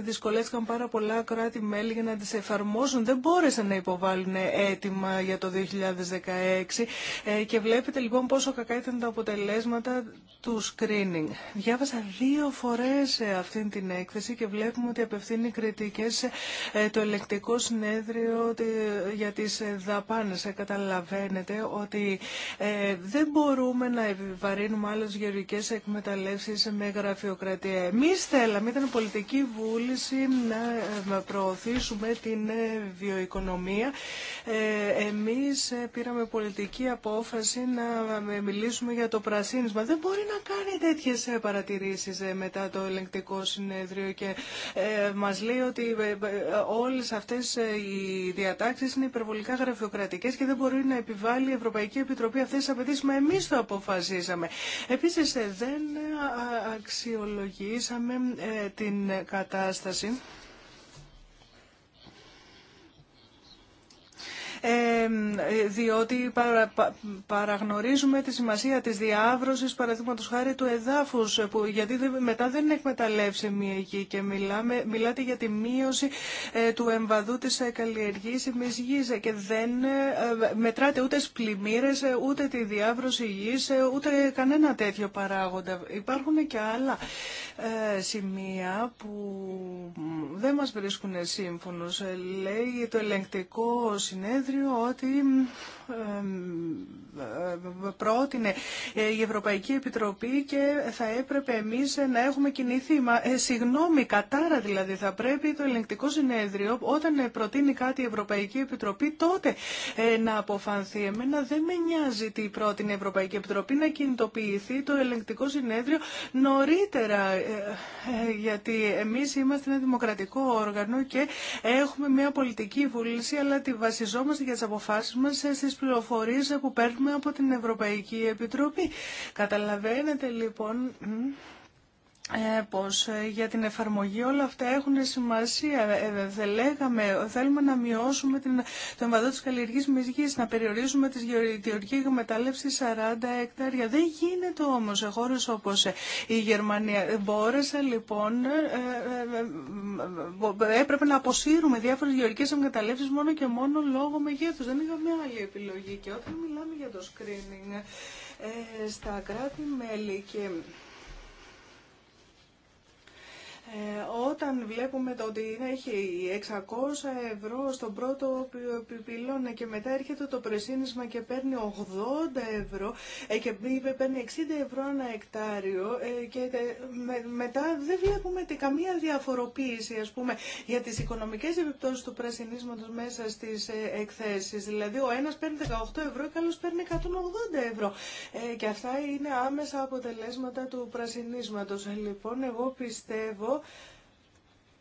δυσκολεύτηκαν πάρα πολλά κράτη-μέλη για να τις εφαρμόσουν. Δεν μπόρεσαν να υποβάλουν αίτημα για το 2016 ε, και βλέπετε λοιπόν πόσο κακά ήταν τα αποτελέσματα του screening. Διάβασα δύο φορές ε, αυτήν την έκθεση και βλέπουμε ότι απευθύνει κριτικές ε, το ελεκτικό συνέδριο για τις δαπάνες. Καταλαβαίνετε ότι δεν μπορούμε να επιβαρύνουμε άλλες γεωργικές εκμεταλλεύσεις με γραφειοκρατία. Εμείς θέλαμε, ήταν πολιτική βούληση να προωθήσουμε την ε, βιοοικονομία. Ε, εμείς ε, πήραμε πολιτική απόφαση να μιλήσουμε για το πρασίνισμα. Δεν μπορεί να κάνει τέτοιε παρατηρήσει μετά το ελεγκτικό συνέδριο και μας λέει ότι όλε αυτές οι διατάξει είναι υπερβολικά γραφειοκρατικές και δεν μπορεί να επιβάλλει η Ευρωπαϊκή Επιτροπή αυτέ τι απαιτήσει. μα εμείς το αποφασίσαμε. Επίσης δεν αξιολογήσαμε ε, την κατάσταση διότι παραγνωρίζουμε τη σημασία της διάβρωσης, παραδείγματος χάρη του εδάφους, που, γιατί μετά δεν είναι μια γη και μιλάμε, μιλάτε για τη μείωση ε, του εμβαδού της ε, καλλιεργήσιμης γης ε, και δεν μετράτε ούτε σπλημμύρες ούτε τη διάβρωση γης, ούτε κανένα τέτοιο παράγοντα. Υπάρχουν και άλλα σημεία που δεν μας βρίσκουν σύμφωνος. λέει το ελεγκτικό συνέδριο ότι ε, πρότεινε ε, η Ευρωπαϊκή Επιτροπή και θα έπρεπε εμείς να έχουμε κινηθεί. Ε, συγγνώμη, κατάρα δηλαδή, θα πρέπει το ελεγκτικό συνέδριο όταν προτείνει κάτι η Ευρωπαϊκή Επιτροπή τότε να αποφανθεί. Εμένα δεν με νοιάζει τι πρότεινε η Ευρωπαϊκή Επιτροπή να κινητοποιηθεί το ελεγκτικό συνέδριο νωρίτερα γιατί εμείς είμαστε ένα δημοκρατικό όργανο και έχουμε μια πολιτική βούληση αλλά τη βασιζόμαστε για τι αποφάσει μα ε, στι πληροφορίε ε, που παίρνουμε από την Ευρωπαϊκή Επιτροπή. Καταλαβαίνετε λοιπόν ε, πως ε, για την εφαρμογή όλα αυτά έχουν σημασία. Ε, δεν λέγαμε, θέλουμε να μειώσουμε την, το εμβαδό της καλλιεργής γης, να περιορίσουμε τις γεωργικές μετάλλευση 40 εκτάρια. Δεν γίνεται όμως σε χώρες όπως η Γερμανία. Μπόρεσα λοιπόν, έπρεπε να αποσύρουμε διάφορες γεωργικές εκμεταλλεύσεις μόνο και μόνο λόγω μεγέθους. Δεν είχαμε άλλη επιλογή. Και όταν μιλάμε για το screening, στα κράτη-μέλη και ε, όταν βλέπουμε το ότι έχει 600 ευρώ στον πρώτο πυπηλόν και μετά έρχεται το πρεσίνισμα και παίρνει 80 ευρώ ε, και παίρνει 60 ευρώ ένα εκτάριο ε, και μετά δεν βλέπουμε καμία διαφοροποίηση ας πούμε για τις οικονομικές επιπτώσεις του πρασινίσματος μέσα στις εκθέσεις. Δηλαδή ο ένας παίρνει 18 ευρώ και άλλος παίρνει 180 ευρώ και αυτά είναι άμεσα αποτελέσματα του πρασίνισματο. Λοιπόν, εγώ πιστεύω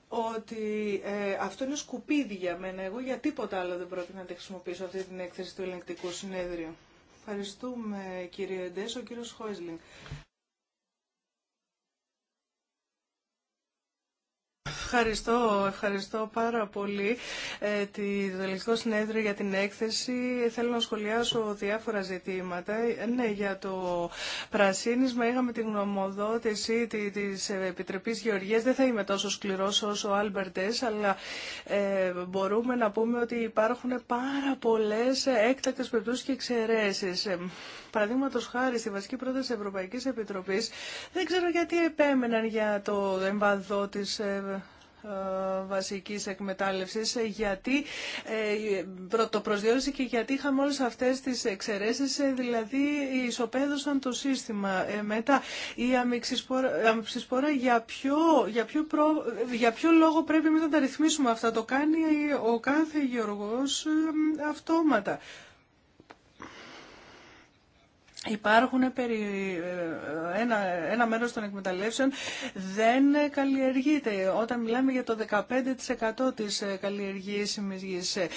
ότι ε, αυτό είναι σκουπίδι για μένα. Εγώ για τίποτα άλλο δεν πρόκειται να τη χρησιμοποιήσω αυτή την έκθεση του ελεγκτικού συνέδριου. Ευχαριστούμε κύριε Εντές, ο κύριος Χόισλινγκ. Ευχαριστώ, ευχαριστώ πάρα πολύ ε, τη, Δελικό συνέδριο για την έκθεση. Θέλω να σχολιάσω διάφορα ζητήματα. ναι, για το πρασίνισμα είχαμε την γνωμοδότηση τη, της Επιτροπής Γεωργίας. Δεν θα είμαι τόσο σκληρός όσο ο Άλμπερτες, αλλά ε, μπορούμε να πούμε ότι υπάρχουν πάρα πολλές έκτακτες περιπτώσεις και εξαιρέσεις. Παραδείγματο χάρη στη βασική πρόταση Ευρωπαϊκή Επιτροπή, δεν ξέρω γιατί επέμεναν για το εμβαδό τη ε, ε, βασικής εκμετάλλευσης ε, γιατί το προσδιορίστηκε και γιατί είχαμε όλες αυτές τις εξαιρέσεις δηλαδή ισοπαίδωσαν το σύστημα μετά η αμυξισπορά για ποιο, για, για λόγο πρέπει εμείς να τα ρυθμίσουμε αυτά το κάνει ο κάθε γεωργός αυτόματα Υπάρχουν περί, ε, ένα, ένα μέρος των εκμεταλλεύσεων δεν καλλιεργείται. Όταν μιλάμε για το 15% της ε, καλλιεργήσιμης γης, ε,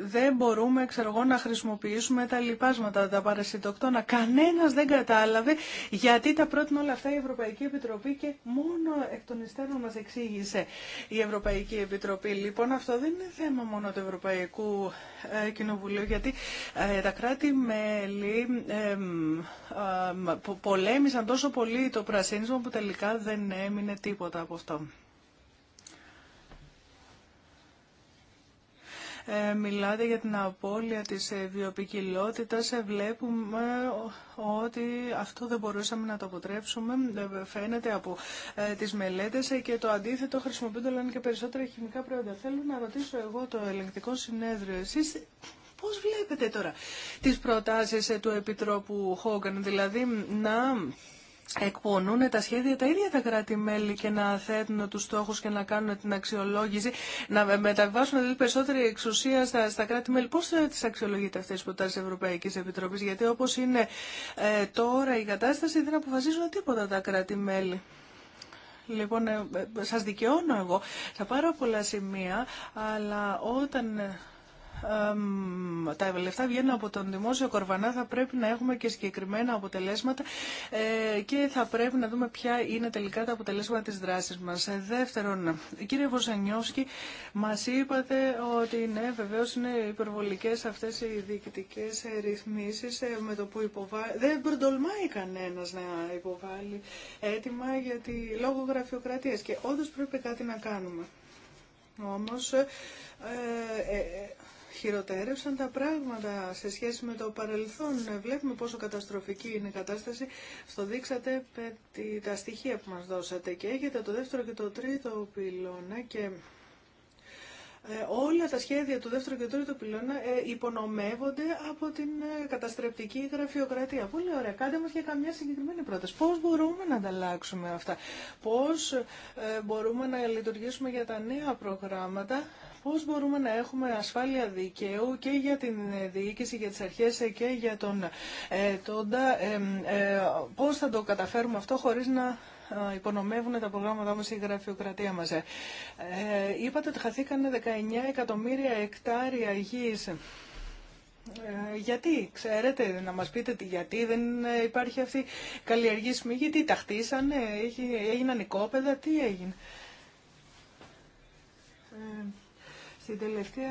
δεν μπορούμε ξέρω εγώ, να χρησιμοποιήσουμε τα λοιπάσματα, τα παρασιτοκτόνα. Κανένας δεν κατάλαβε γιατί τα πρότεινε όλα αυτά η Ευρωπαϊκή Επιτροπή και μόνο εκ των υστέρων μας εξήγησε η Ευρωπαϊκή Επιτροπή. Λοιπόν, αυτό δεν είναι θέμα μόνο του Ευρωπαϊκού Κοινοβουλίου, γιατί τα κράτη-μέλη πολέμησαν τόσο πολύ το πρασίνισμα που τελικά δεν έμεινε τίποτα από αυτό. Ε, μιλάτε για την απώλεια της ε, βιοπικιλότητας. Ε, βλέπουμε ότι αυτό δεν μπορούσαμε να το αποτρέψουμε. Φαίνεται από τις μελέτες και το αντίθετο χρησιμοποιούνται όλο και περισσότερα χημικά προϊόντα. Θέλω να ρωτήσω εγώ το ελεγκτικό συνέδριο. Εσείς Πώς βλέπετε τώρα τις προτάσεις ε, του Επιτρόπου Χόγκαν, δηλαδή να εκπονούν τα σχέδια τα ίδια τα κράτη-μέλη και να θέτουν τους στόχους και να κάνουν την αξιολόγηση, να μεταβάσουν δηλαδή περισσότερη εξουσία στα, στα κράτη-μέλη. Πώς θα τις αξιολογείτε αυτές τις προτάσεις Ευρωπαϊκής Επιτροπής, γιατί όπως είναι ε, τώρα η κατάσταση δεν αποφασίζουν τίποτα τα κράτη-μέλη. Λοιπόν, ε, σας δικαιώνω εγώ σε πάρα πολλά σημεία, αλλά όταν τα λεφτά βγαίνουν από τον δημόσιο κορβανά, θα πρέπει να έχουμε και συγκεκριμένα αποτελέσματα ε, και θα πρέπει να δούμε ποια είναι τελικά τα αποτελέσματα της δράσης μας. Ε, δεύτερον, κύριε Βοσανιώσκη, μας είπατε ότι ναι, βεβαίως είναι υπερβολικές αυτές οι διοικητικές ρυθμίσεις ε, με το που υποβάλλει. Δεν προτολμάει κανένας να υποβάλει έτοιμα γιατί λόγω γραφειοκρατίας και όντως πρέπει κάτι να κάνουμε. Όμως, ε, χειροτέρευσαν τα πράγματα σε σχέση με το παρελθόν. Βλέπουμε πόσο καταστροφική είναι η κατάσταση. Στο δείξατε τα στοιχεία που μας δώσατε και έχετε το δεύτερο και το τρίτο πυλώνα και ε, όλα τα σχέδια του δεύτερου και τρίτου πυλώνα ε, υπονομεύονται από την ε, καταστρεπτική γραφειοκρατία. Πολύ ωραία. Κάντε μας για καμιά συγκεκριμένη πρόταση. Πώς μπορούμε να ανταλλάξουμε αυτά. Πώς μπορούμε να λειτουργήσουμε για τα νέα προγράμματα πώς μπορούμε να έχουμε ασφάλεια δικαίου και για την ε, διοίκηση, για τις αρχές ε, και για τον ε, τόντα, ε, πώς θα το καταφέρουμε αυτό χωρίς να ε, υπονομεύουν τα προγράμματά μας η γραφειοκρατία μας. Ε, είπατε ότι χαθήκανε 19 εκατομμύρια εκτάρια γης. γιατί, ξέρετε, να μας πείτε τι, γιατί δεν υπάρχει αυτή η καλλιεργήσιμη γη, τι τα χτίσανε, έγιναν οικόπεδα, τι έγινε. Στην τελευταία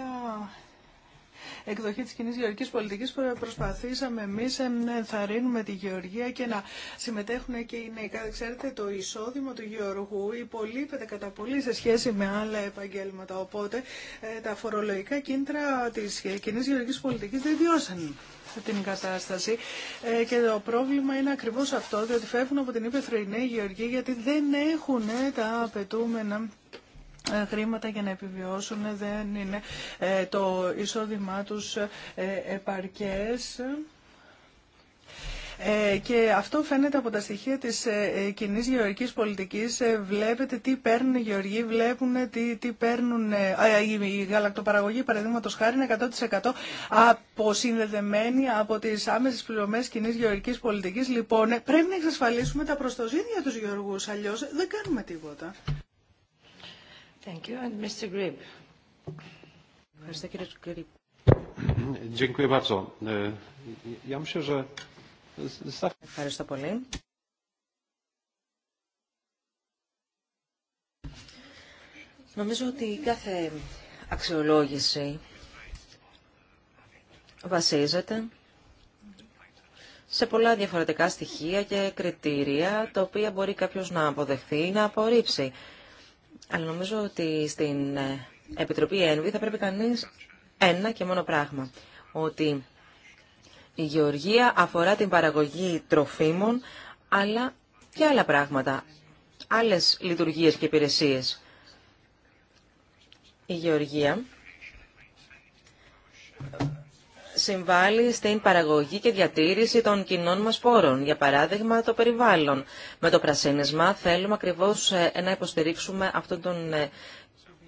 εκδοχή της κοινή γεωργικής πολιτικής προσπαθήσαμε εμείς να ενθαρρύνουμε τη γεωργία και να συμμετέχουν και οι νέοι. Ξέρετε το εισόδημα του γεωργού υπολείπεται κατά πολύ σε σχέση με άλλα επαγγέλματα. Οπότε ε, τα φορολογικά κίνητρα της κοινή γεωργικής πολιτικής δεν βιώσαν την κατάσταση ε, και το πρόβλημα είναι ακριβώς αυτό, διότι φεύγουν από την ύπεθρο οι νέοι γεωργοί γιατί δεν έχουν ε, τα απαιτούμενα ε, χρήματα για να επιβιώσουν, δεν είναι ε, το εισόδημά τους ε, επαρκές. Και αυτό φαίνεται από τα στοιχεία της κοινή γεωργικής πολιτικής. Βλέπετε τι παίρνουν οι γεωργοί, βλέπουν τι, τι παίρνουν... Η γαλακτοπαραγωγή, παραδείγματο χάρη, είναι 100% αποσυνδεδεμένη από τις άμεσες πληρωμές κοινή γεωργικής πολιτικής. Λοιπόν, πρέπει να εξασφαλίσουμε τα προστοζήνια τους γεωργούς, αλλιώς δεν κάνουμε τίποτα. Ευχαριστώ πολύ. Νομίζω ότι κάθε αξιολόγηση βασίζεται σε πολλά διαφορετικά στοιχεία και κριτήρια, τα οποία μπορεί κάποιος να αποδεχθεί ή να απορρίψει. Αλλά νομίζω ότι στην ε, Επιτροπή ΕΝΒΗ θα πρέπει κανείς ένα και μόνο πράγμα. Ότι η γεωργία αφορά την παραγωγή τροφίμων, αλλά και άλλα πράγματα, άλλες λειτουργίες και υπηρεσίες. Η γεωργία συμβάλλει στην παραγωγή και διατήρηση των κοινών μας πόρων, για παράδειγμα το περιβάλλον. Με το πρασίνισμα θέλουμε ακριβώς ε, να υποστηρίξουμε αυτόν τον ε,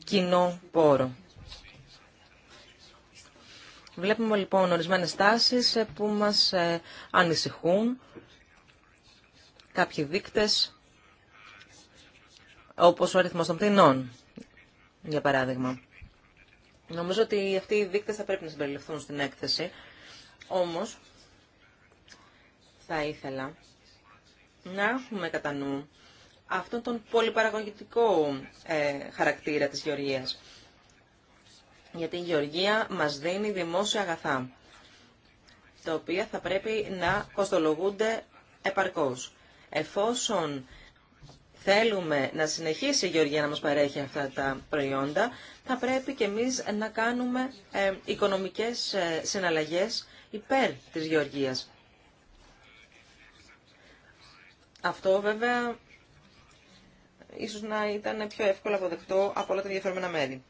κοινό πόρο. Βλέπουμε λοιπόν ορισμένες τάσεις ε, που μας ανησυχούν, κάποιοι δείκτες, όπως ο αριθμός των πτηνών, για παράδειγμα. Νομίζω ότι αυτοί οι δείκτες θα πρέπει να συμπεριληφθούν στην έκθεση. Όμως, θα ήθελα να έχουμε κατά νου αυτόν τον πολυπαραγωγητικό ε, χαρακτήρα της γεωργίας. Γιατί η γεωργία μας δίνει δημόσια αγαθά, τα οποία θα πρέπει να κοστολογούνται επαρκώς. Εφόσον θέλουμε να συνεχίσει η Γεωργία να μας παρέχει αυτά τα προϊόντα, θα πρέπει και εμείς να κάνουμε ε, οικονομικές ε, συναλλαγές υπέρ της Γεωργίας. Αυτό βέβαια ίσως να ήταν πιο εύκολο αποδεκτό από όλα τα διαφορεμένα μέρη.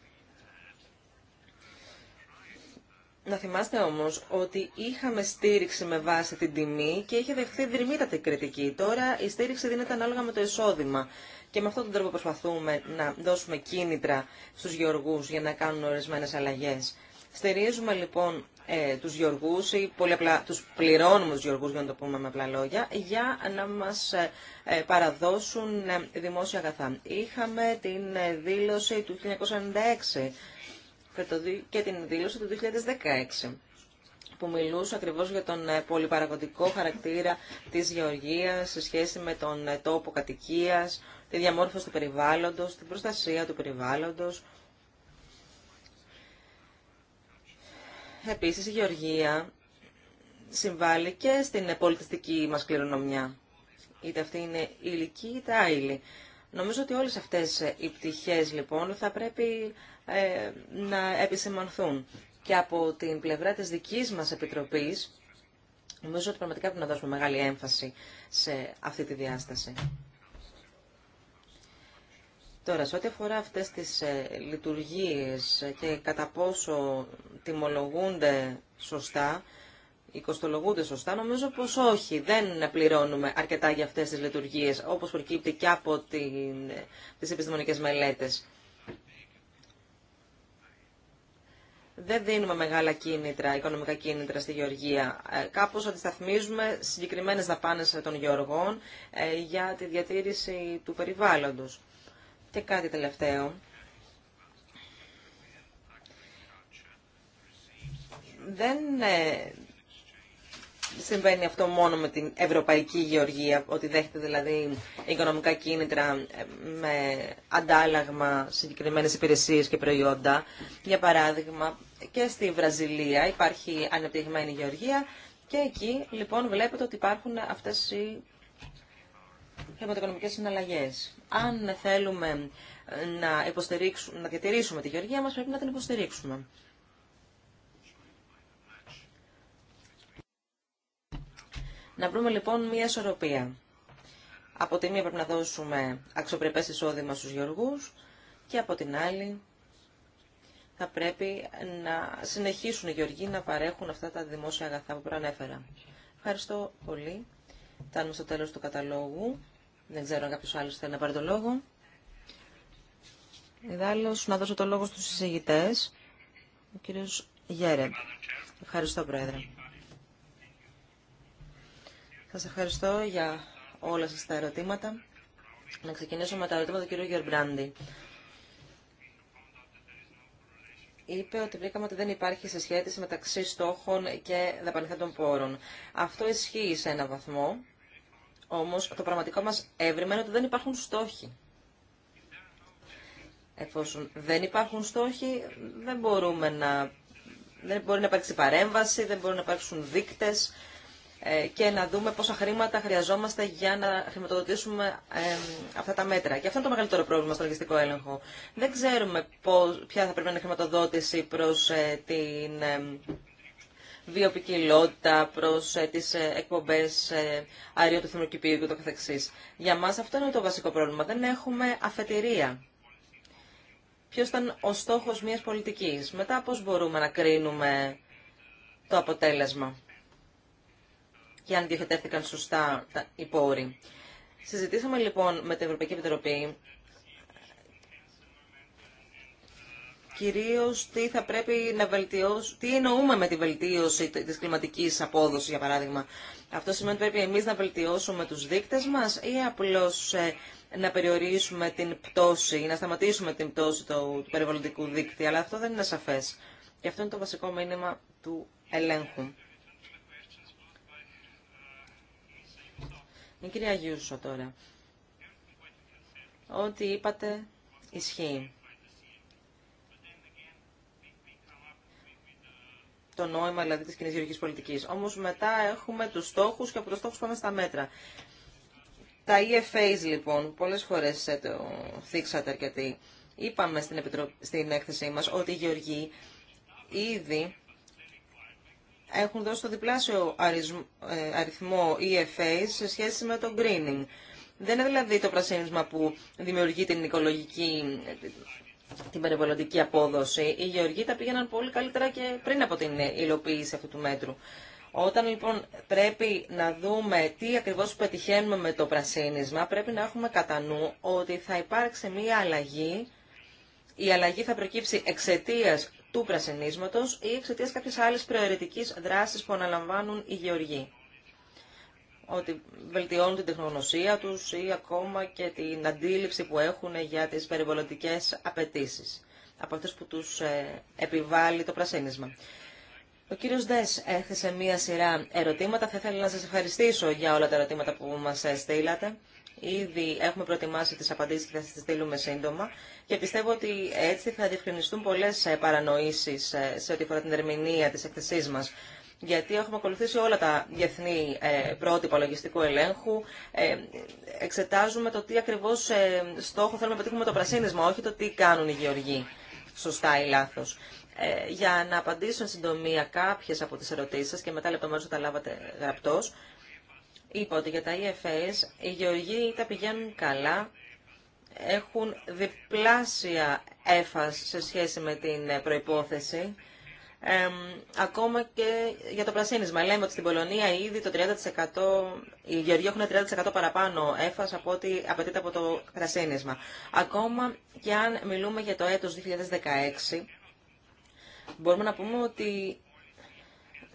Να θυμάστε όμως ότι είχαμε στήριξη με βάση την τιμή και είχε δεχθεί δρυμύτατη κριτική. Τώρα η στήριξη δίνεται ανάλογα με το εισόδημα. Και με αυτόν τον τρόπο προσπαθούμε να δώσουμε κίνητρα στους γεωργούς για να κάνουν ορισμένες αλλαγές. Στηρίζουμε λοιπόν ε, τους γεωργούς ή πολύ απλά τους πληρώνουμε τους γεωργούς για να το πούμε με απλά λόγια για να μας ε, ε, παραδώσουν ε, δημόσια αγαθά. Είχαμε την δήλωση του 1996 και την δήλωση του 2016 που μιλούσε ακριβώς για τον ε, πολυπαραγωγικό χαρακτήρα της γεωργίας σε σχέση με τον ε, τόπο κατοικίας, τη διαμόρφωση του περιβάλλοντος, την προστασία του περιβάλλοντος. Επίσης η γεωργία συμβάλλει και στην ε, πολιτιστική μας κληρονομιά. Είτε αυτή είναι ηλική είτε άειλη. Νομίζω ότι όλες αυτές οι πτυχές λοιπόν θα πρέπει ε, να επισημανθούν. Και από την πλευρά της δικής μας Επιτροπής, νομίζω ότι πραγματικά πρέπει να δώσουμε μεγάλη έμφαση σε αυτή τη διάσταση. Τώρα, σε ό,τι αφορά αυτές τις ε, λειτουργίες και κατά πόσο τιμολογούνται σωστά, κοστολογούνται σωστά, νομίζω πως όχι, δεν πληρώνουμε αρκετά για αυτές τις λειτουργίες, όπως προκύπτει και από την, ε, τις επιστημονικές μελέτες. δεν δίνουμε μεγάλα κίνητρα, οικονομικά κίνητρα στη Γεωργία. Ε, κάπως αντισταθμίζουμε συγκεκριμένες δαπάνες των Γεωργών ε, για τη διατήρηση του περιβάλλοντος. Και κάτι τελευταίο. Δεν ε, συμβαίνει αυτό μόνο με την ευρωπαϊκή γεωργία, ότι δέχεται δηλαδή οικονομικά κίνητρα ε, με αντάλλαγμα συγκεκριμένες υπηρεσίες και προϊόντα. Για παράδειγμα, και στη Βραζιλία υπάρχει ανεπτυγμένη γεωργία και εκεί λοιπόν βλέπετε ότι υπάρχουν αυτές οι χρηματοοικονομικές συναλλαγές. Αν θέλουμε να, να διατηρήσουμε τη γεωργία μας, πρέπει να την υποστηρίξουμε. Να βρούμε λοιπόν μια ισορροπία. Από τη μία πρέπει να δώσουμε αξιοπρεπές εισόδημα στους γεωργούς και από την άλλη θα πρέπει να συνεχίσουν οι γεωργοί να παρέχουν αυτά τα δημόσια αγαθά που προανέφερα. Ευχαριστώ πολύ. Φτάνουμε στο τέλος του καταλόγου. Δεν ξέρω αν κάποιος άλλος θέλει να πάρει το λόγο. Ιδάλλως, να δώσω το λόγο στους συζητητέ. Ο κύριος Γέρε. Ευχαριστώ, Πρόεδρε. Σας ευχαριστώ για όλα σας τα ερωτήματα. Να ξεκινήσω με τα ερωτήματα του κ. Γερμπράντη. Είπε ότι βρήκαμε ότι δεν υπάρχει συσχέτιση μεταξύ στόχων και δαπανηθέντων πόρων. Αυτό ισχύει σε ένα βαθμό, όμως το πραγματικό μας έβριμα είναι ότι δεν υπάρχουν στόχοι. Εφόσον δεν υπάρχουν στόχοι, δεν να... Δεν μπορεί να υπάρξει παρέμβαση, δεν μπορούν να υπάρξουν δείκτες ε, και να δούμε πόσα χρήματα χρειαζόμαστε για να χρηματοδοτήσουμε αυτά τα μέτρα. Και αυτό είναι το μεγαλύτερο πρόβλημα στο λογιστικό έλεγχο. Δεν ξέρουμε πώς, ποια θα πρέπει να είναι η χρηματοδότηση προς ε, την βιοπικιλότητα, προς ε, τις εκπομπές αερίου του θερμοκηπίου και το Για μας αυτό είναι το βασικό πρόβλημα. Δεν έχουμε αφετηρία. Ποιος ήταν ο στόχος μιας πολιτικής. Μετά πώς μπορούμε να κρίνουμε το αποτέλεσμα και αν διοχετεύτηκαν σωστά οι πόροι. Συζητήσαμε λοιπόν με την Ευρωπαϊκή Επιτροπή κυρίως τι θα πρέπει να βελτιώσουμε, τι εννοούμε με τη βελτίωση της κλιματικής απόδοσης για παράδειγμα. Αυτό σημαίνει ότι πρέπει εμείς να βελτιώσουμε τους δείκτες μας ή απλώς ε, να περιορίσουμε την πτώση ή να σταματήσουμε την πτώση του περιβαλλοντικού δείκτη. Αλλά αυτό δεν είναι σαφές. Και αυτό είναι το βασικό μήνυμα του ελέγχου. Η κυρία Γιούσο τώρα. Ό,τι είπατε ισχύει. το νόημα δηλαδή της κοινής γεωργικής πολιτικής. Όμως μετά έχουμε τους στόχους και από τους στόχους πάμε στα μέτρα. Τα EFAs λοιπόν, πολλές φορές ε, το θίξατε αρκετοί. Είπαμε στην, στην έκθεσή μας ότι οι γεωργοί ήδη έχουν δώσει το διπλάσιο ε, αριθμό EFA σε σχέση με το greening. Δεν είναι δηλαδή το πρασίνισμα που δημιουργεί την οικολογική, την περιβαλλοντική απόδοση. Οι γεωργοί τα πήγαιναν πολύ καλύτερα και πριν από την υλοποίηση αυτού του μέτρου. Όταν λοιπόν πρέπει να δούμε τι ακριβώς πετυχαίνουμε με το πρασίνισμα, πρέπει να έχουμε κατά νου ότι θα υπάρξει μία αλλαγή. Η αλλαγή θα προκύψει εξαιτία του πρασινίσματος ή εξαιτία κάποιε άλλη προαιρετική δράση που αναλαμβάνουν οι γεωργοί. Ότι βελτιώνουν την τεχνογνωσία του ή ακόμα και την αντίληψη που έχουν για τι περιβαλλοντικέ απαιτήσει από αυτέ που του ε, επιβάλλει το πρασίνισμα. Ο κύριος Δές έθεσε μία σειρά ερωτήματα. Θα ήθελα να σας ευχαριστήσω για όλα τα ερωτήματα που μας ε, στείλατε. Ήδη έχουμε προετοιμάσει τις απαντήσεις και θα τις στείλουμε σύντομα και πιστεύω ότι έτσι θα διευκρινιστούν πολλές ε, παρανοήσεις ε, σε ό,τι αφορά την ερμηνεία της εκθεσής μας γιατί έχουμε ακολουθήσει όλα τα διεθνή ε, πρότυπα λογιστικού ελέγχου. Εξετάζουμε το τι ακριβώς στόχο θέλουμε να πετύχουμε με το πρασίνισμα, όχι το τι κάνουν οι γεωργοί, σωστά ή λάθος. Για να απαντήσω εν συντομία κάποιες από τι ερωτήσει, σας και μετά λεπτομέρειε θα τα λάβατε γραπτός είπα ότι για τα EFAs οι γεωργοί τα πηγαίνουν καλά, έχουν διπλάσια έφαση σε σχέση με την ε, προϋπόθεση. ακόμα και για το πρασίνισμα. Λέμε ότι στην Πολωνία ήδη το 30%, οι γεωργοί έχουν 30% παραπάνω έφαση από ό,τι απαιτείται από το πρασίνισμα. Ακόμα και αν μιλούμε για το έτος 2016, μπορούμε να πούμε ότι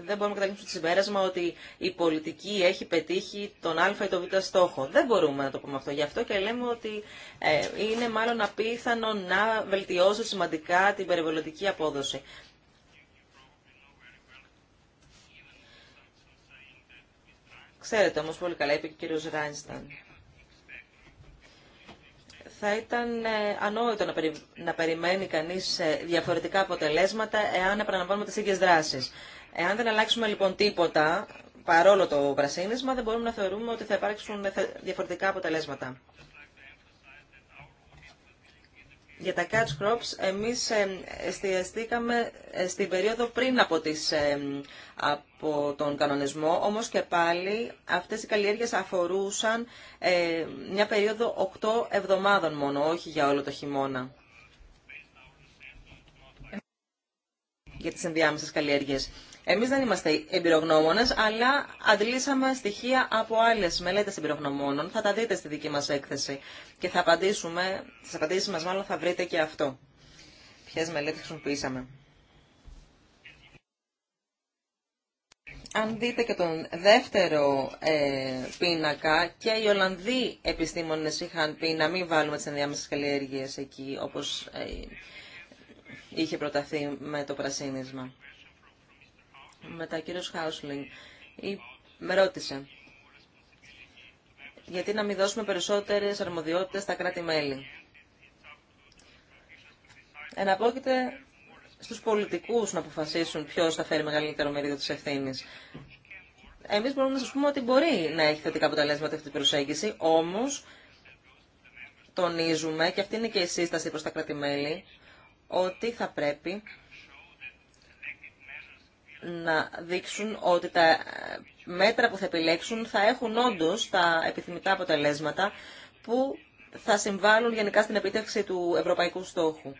δεν μπορούμε να καταλήξουμε το συμπέρασμα ότι η πολιτική έχει πετύχει τον α ή τον β στόχο. Δεν μπορούμε να το πούμε αυτό. Γι' αυτό και λέμε ότι ε, είναι μάλλον απίθανο να βελτιώσει σημαντικά την περιβαλλοντική απόδοση. Ξέρετε όμως πολύ καλά, είπε και ο κύριος Ράινσταν. Θα ήταν ε, ανόητο να, περι... να περιμένει κανείς ε, διαφορετικά αποτελέσματα εάν επαναλαμβάνουμε τις ίδιες δράσεις. Εάν δεν αλλάξουμε λοιπόν τίποτα, παρόλο το βρασίνισμα, δεν μπορούμε να θεωρούμε ότι θα υπάρξουν διαφορετικά αποτελέσματα. Για τα catch crops, εμείς ε, εστιαστήκαμε ε, στην περίοδο πριν από, τις, ε, από τον κανονισμό, όμως και πάλι αυτές οι καλλιέργειες αφορούσαν μια περίοδο 8 εβδομάδων μόνο, όχι για όλο το χειμώνα. Για τις ενδιάμεσες καλλιέργειες. Εμείς δεν είμαστε εμπειρογνώμονε, αλλά αντλήσαμε στοιχεία από άλλες μελέτες εμπειρογνωμόνων. Θα τα δείτε στη δική μας έκθεση και θα απαντήσουμε, στι απαντήσει μα μάλλον θα βρείτε και αυτό. Ποιε μελέτες χρησιμοποιήσαμε. Αν δείτε και τον δεύτερο ε, πίνακα, και οι Ολλανδοί επιστήμονες είχαν πει να μην βάλουμε τις ενδιάμεσες καλλιέργειες εκεί, όπως ε, είχε προταθεί με το πρασίνισμα. Μετά ο κύριος Χάουσλινγκ με ρώτησε γιατί να μην δώσουμε περισσότερες αρμοδιότητες στα κράτη-μέλη. Εναπόκειται στους πολιτικούς να αποφασίσουν ποιος θα φέρει μεγαλύτερο μερίδιο της ευθύνη. Εμείς μπορούμε να σας πούμε ότι μπορεί να έχει θετικά αποτελέσματα αυτή η προσέγγιση, όμως τονίζουμε, και αυτή είναι και η σύσταση προς τα κράτη-μέλη, ότι θα πρέπει να δείξουν ότι τα ε, μέτρα που θα επιλέξουν θα έχουν όντω τα επιθυμητά αποτελέσματα που θα συμβάλλουν γενικά στην επίτευξη του ευρωπαϊκού στόχου.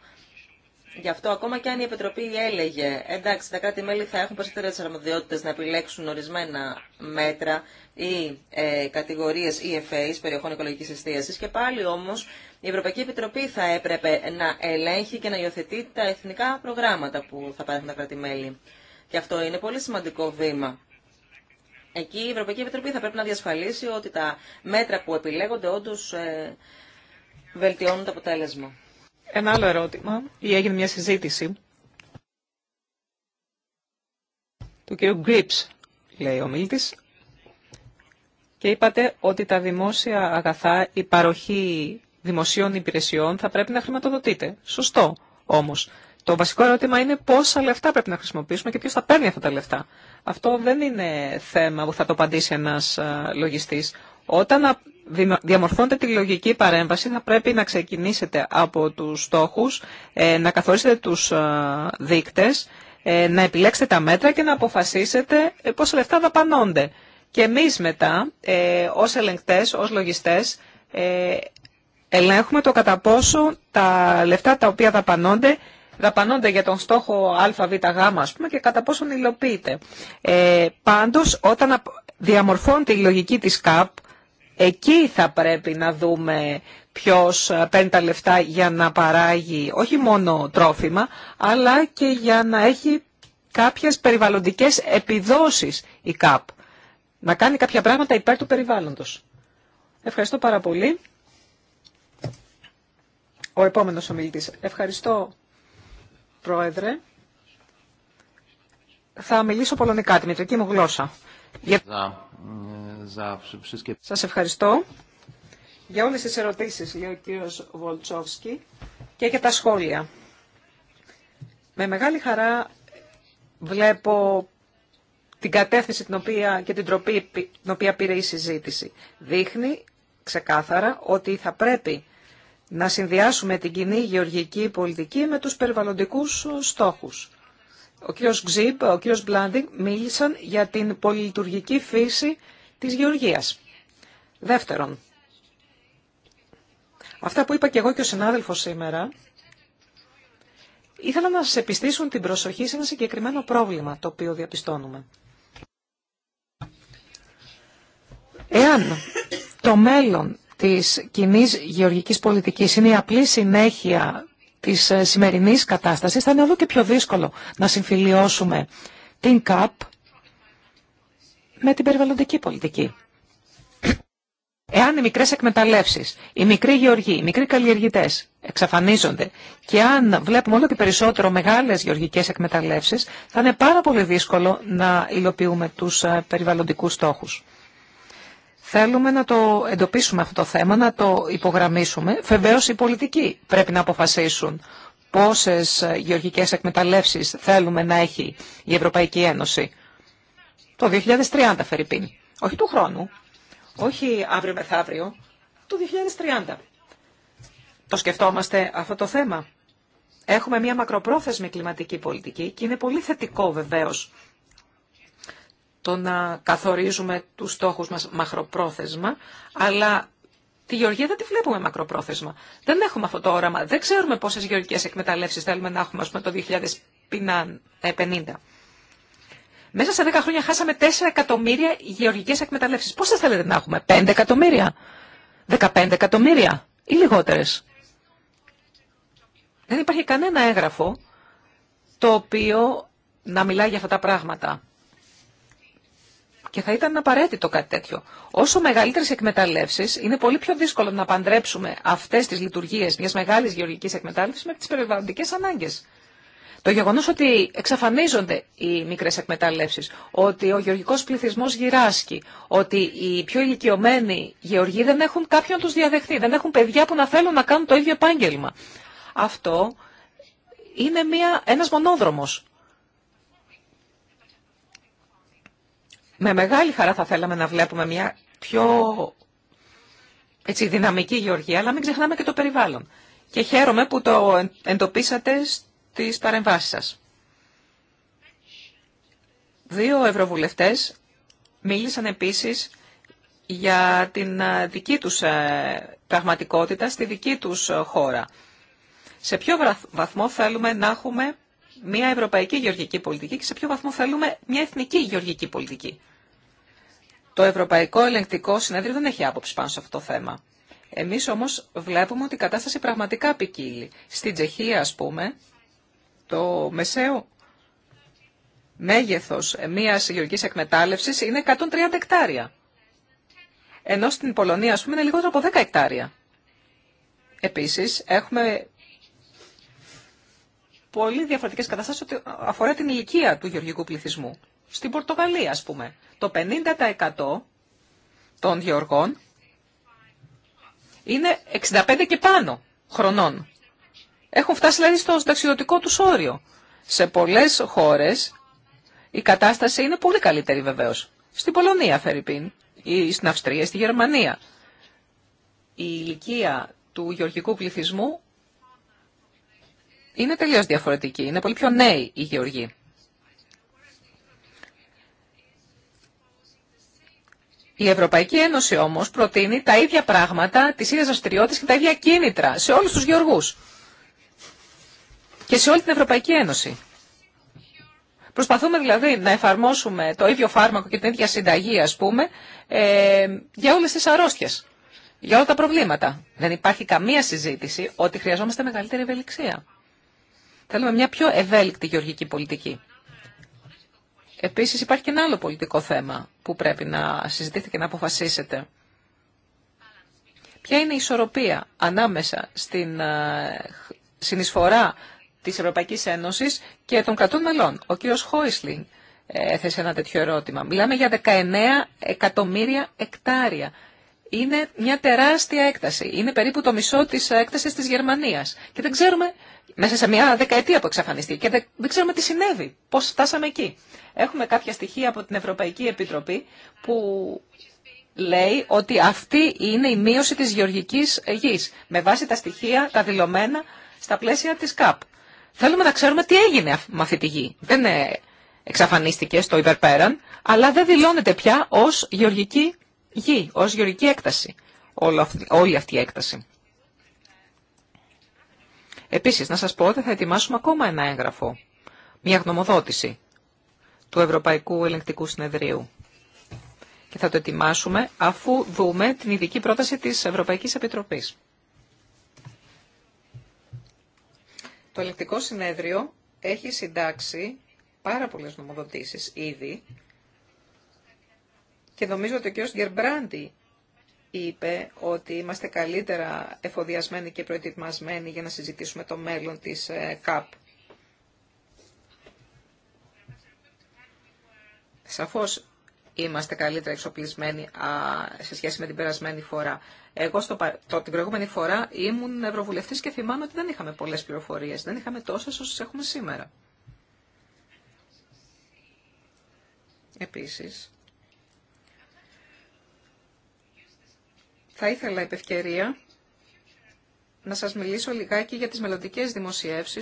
Γι' αυτό, ακόμα και αν η Επιτροπή έλεγε, εντάξει, τα κράτη-μέλη θα έχουν περισσότερε αρμοδιότητε να επιλέξουν ορισμένα μέτρα ή ε, κατηγορίε EFAs, περιοχών οικολογική εστίαση, και πάλι όμω η Ευρωπαϊκή Επιτροπή θα έπρεπε να ελέγχει και να υιοθετεί τα εθνικά προγράμματα που θα πάρουν τα κράτη-μέλη. Και αυτό είναι πολύ σημαντικό βήμα. Εκεί η Ευρωπαϊκή Επιτροπή θα πρέπει να διασφαλίσει ότι τα μέτρα που επιλέγονται όντω ε, βελτιώνουν το αποτέλεσμα. Ένα άλλο ερώτημα, ή έγινε μια συζήτηση του κ. Γκριπς, λέει ο Μίλτης, και είπατε ότι τα δημόσια αγαθά, η παροχή δημοσίων υπηρεσιών θα πρέπει να χρηματοδοτείται. Σωστό όμως. Το βασικό ερώτημα είναι πόσα λεφτά πρέπει να χρησιμοποιήσουμε και ποιο θα παίρνει αυτά τα λεφτά. Αυτό δεν είναι θέμα που θα το απαντήσει ένα λογιστή. Όταν διαμορφώνετε τη λογική παρέμβαση θα πρέπει να ξεκινήσετε από τους στόχους, ε, να καθορίσετε τους δείκτε, ε, να επιλέξετε τα μέτρα και να αποφασίσετε ε, πόσα λεφτά δαπανώνται. Και εμεί, μετά, ως ελεγκτές, ως λογιστές, ελέγχουμε το κατά πόσο τα λεφτά τα οποία δαπανώνται δαπανώνται για τον στόχο ΑΒΓ, ας πούμε, και κατά πόσον υλοποιείται. Ε, πάντως, όταν διαμορφώνεται τη λογική της ΚΑΠ, εκεί θα πρέπει να δούμε ποιος ε, παίρνει τα λεφτά για να παράγει όχι μόνο τρόφιμα, αλλά και για να έχει κάποιες περιβαλλοντικές επιδόσεις η ΚΑΠ. Να κάνει κάποια πράγματα υπέρ του περιβάλλοντος. Ευχαριστώ πάρα πολύ. Ο επόμενος ομιλητής. Ευχαριστώ Πρόεδρε. Θα μιλήσω πολωνικά, τη μητρική μου γλώσσα. Ε, Σας ευχαριστώ για όλες τις ερωτήσεις, λέει ο κύριος Βολτσόφσκι, και για τα σχόλια. Με μεγάλη χαρά βλέπω την κατεύθυνση την οποία, και την τροπή την οποία πήρε η συζήτηση. Δείχνει ξεκάθαρα ότι θα πρέπει να συνδυάσουμε την κοινή γεωργική πολιτική με τους περιβαλλοντικούς στόχους. Ο κ. Ξύπ, ο κ. Μπλάντινγκ μίλησαν για την πολυλειτουργική φύση της γεωργίας. Δεύτερον, αυτά που είπα και εγώ και ο συνάδελφος σήμερα, ήθελα να σας επιστήσουν την προσοχή σε ένα συγκεκριμένο πρόβλημα το οποίο διαπιστώνουμε. Εάν το μέλλον της κοινή γεωργικής πολιτικής είναι η απλή συνέχεια της ε, σημερινής κατάστασης, θα είναι όλο και πιο δύσκολο να συμφιλιώσουμε την ΚΑΠ με την περιβαλλοντική πολιτική. Εάν οι μικρές εκμεταλλεύσεις, οι μικροί γεωργοί, οι μικροί καλλιεργητές εξαφανίζονται και αν βλέπουμε όλο και περισσότερο μεγάλες γεωργικές εκμεταλλεύσεις, θα είναι πάρα πολύ δύσκολο να υλοποιούμε τους ε, περιβαλλοντικούς στόχους. Θέλουμε να το εντοπίσουμε αυτό το θέμα, να το υπογραμμίσουμε. Βεβαίω οι πολιτικοί πρέπει να αποφασίσουν πόσε ε, γεωργικές εκμεταλλεύσει θέλουμε να έχει η Ευρωπαϊκή Ένωση. Το 2030, Φερρυπίν. Όχι του χρόνου, όχι αύριο μεθαύριο, το 2030. Το σκεφτόμαστε αυτό το θέμα. Έχουμε μια μακροπρόθεσμη κλιματική πολιτική και είναι πολύ θετικό βεβαίως το να καθορίζουμε τους στόχους μας μακροπρόθεσμα αλλά τη γεωργία δεν τη βλέπουμε μακροπρόθεσμα. Δεν έχουμε αυτό το όραμα. Δεν ξέρουμε πόσες γεωργικές εκμεταλλεύσεις θέλουμε να έχουμε, ας πούμε, το 2050. Μέσα σε 10 χρόνια χάσαμε 4 εκατομμύρια γεωργικές εκμεταλλεύσεις. Πόσες θέλετε να έχουμε, 5 εκατομμύρια, 15 εκατομμύρια ή λιγότερες. Δεν υπάρχει κανένα έγγραφο το οποίο να μιλάει για αυτά τα πράγματα και θα ήταν απαραίτητο κάτι τέτοιο. Όσο μεγαλύτερε εκμεταλλεύσει, είναι πολύ πιο δύσκολο να παντρέψουμε αυτέ τι λειτουργίε μια μεγάλη γεωργική εκμετάλλευση με τι περιβαλλοντικέ ανάγκε. Το γεγονό ότι εξαφανίζονται οι μικρέ εκμεταλλεύσει, ότι ο γεωργικό πληθυσμό γυράσκει, ότι οι πιο ηλικιωμένοι γεωργοί δεν έχουν κάποιον να του διαδεχθεί, δεν έχουν παιδιά που να θέλουν να κάνουν το ίδιο επάγγελμα. Αυτό είναι ένα μονόδρομο. Με μεγάλη χαρά θα θέλαμε να βλέπουμε μια πιο έτσι, δυναμική γεωργία, αλλά μην ξεχνάμε και το περιβάλλον. Και χαίρομαι που το εντοπίσατε στις παρεμβάσεις σας. Δύο ευρωβουλευτές μίλησαν επίσης για την ε, δική τους ε, πραγματικότητα στη δική τους ε, χώρα. Σε ποιο βαθμό θέλουμε να έχουμε μια ευρωπαϊκή γεωργική πολιτική και σε ποιο βαθμό θέλουμε μια εθνική γεωργική πολιτική. Το Ευρωπαϊκό Ελεγκτικό Συνέδριο δεν έχει άποψη πάνω σε αυτό το θέμα. Εμείς όμως βλέπουμε ότι η κατάσταση πραγματικά ποικίλει. Στην Τσεχία, ας πούμε, το μεσαίο μέγεθος μιας γεωργικής εκμετάλλευσης είναι 130 εκτάρια. Ενώ στην Πολωνία, ας πούμε, είναι λιγότερο από 10 εκτάρια. Επίσης, έχουμε πολύ διαφορετικές καταστάσεις ότι αφορά την ηλικία του γεωργικού πληθυσμού. Στην Πορτογαλία, ας πούμε, το 50% των γεωργών είναι 65 και πάνω χρονών. Έχουν φτάσει δηλαδή στο συνταξιδοτικό του όριο. Σε πολλές χώρες η κατάσταση είναι πολύ καλύτερη βεβαίως. Στην Πολωνία, Φερρυπίν, ή στην Αυστρία, στη Γερμανία. Η ηλικία του γεωργικού πληθυσμού είναι τελείως διαφορετική. Είναι πολύ πιο νέοι η γεωργοί. Η Ευρωπαϊκή Ένωση όμως προτείνει τα ίδια πράγματα, τις ίδιες δραστηριότητες και τα ίδια κίνητρα σε όλους τους γεωργούς και σε όλη την Ευρωπαϊκή Ένωση. Προσπαθούμε δηλαδή να εφαρμόσουμε το ίδιο φάρμακο και την ίδια συνταγή, ας πούμε, ε, για όλες τις αρρώστιες, για όλα τα προβλήματα. Δεν υπάρχει καμία συζήτηση ότι χρειαζόμαστε μεγαλύτερη ευελιξία. Θέλουμε μια πιο ευέλικτη γεωργική πολιτική. Επίσης υπάρχει και ένα άλλο πολιτικό θέμα που πρέπει να συζητήσετε και να αποφασίσετε. Ποια είναι η ισορροπία ανάμεσα στην ε, συνεισφορά της Ευρωπαϊκής Ένωσης και των κρατών μελών. Ο κύριος Χόισλινγκ ε, έθεσε ένα τέτοιο ερώτημα. Μιλάμε για 19 εκατομμύρια εκτάρια. Είναι μια τεράστια έκταση. Είναι περίπου το μισό της έκτασης της Γερμανίας. Και δεν ξέρουμε μέσα σε μια δεκαετία που εξαφανιστεί και δεν ξέρουμε τι συνέβη, πώς φτάσαμε εκεί. Έχουμε κάποια στοιχεία από την Ευρωπαϊκή Επιτροπή που λέει ότι αυτή είναι η μείωση της γεωργικής γης με βάση τα στοιχεία, τα δηλωμένα στα πλαίσια της ΚΑΠ. Θέλουμε να ξέρουμε τι έγινε με αυτή τη γη. Δεν ε, εξαφανίστηκε στο υπερπέραν, αλλά δεν δηλώνεται πια ως γεωργική γη, ως γεωργική έκταση όλη αυτή η έκταση. Επίσης, να σας πω ότι θα ετοιμάσουμε ακόμα ένα έγγραφο, μια γνωμοδότηση του Ευρωπαϊκού Ελεγκτικού Συνεδρίου. Και θα το ετοιμάσουμε αφού δούμε την ειδική πρόταση της Ευρωπαϊκής Επιτροπής. Το Ελεκτικό Συνέδριο έχει συντάξει πάρα πολλές νομοδοτήσεις ήδη και νομίζω ότι ο κ. Γκερμπράντι είπε ότι είμαστε καλύτερα εφοδιασμένοι και προετοιμασμένοι για να συζητήσουμε το μέλλον της ε, ΚΑΠ. Σαφώς είμαστε καλύτερα εξοπλισμένοι σε σχέση με την περασμένη φορά. Εγώ στο, το, την προηγούμενη φορά ήμουν ευρωβουλευτής και θυμάμαι ότι δεν είχαμε πολλές πληροφορίες. Δεν είχαμε τόσες όσες έχουμε σήμερα. Επίσης, Θα ήθελα επ' ευκαιρία να σας μιλήσω λιγάκι για τις μελλοντικέ δημοσιεύσεις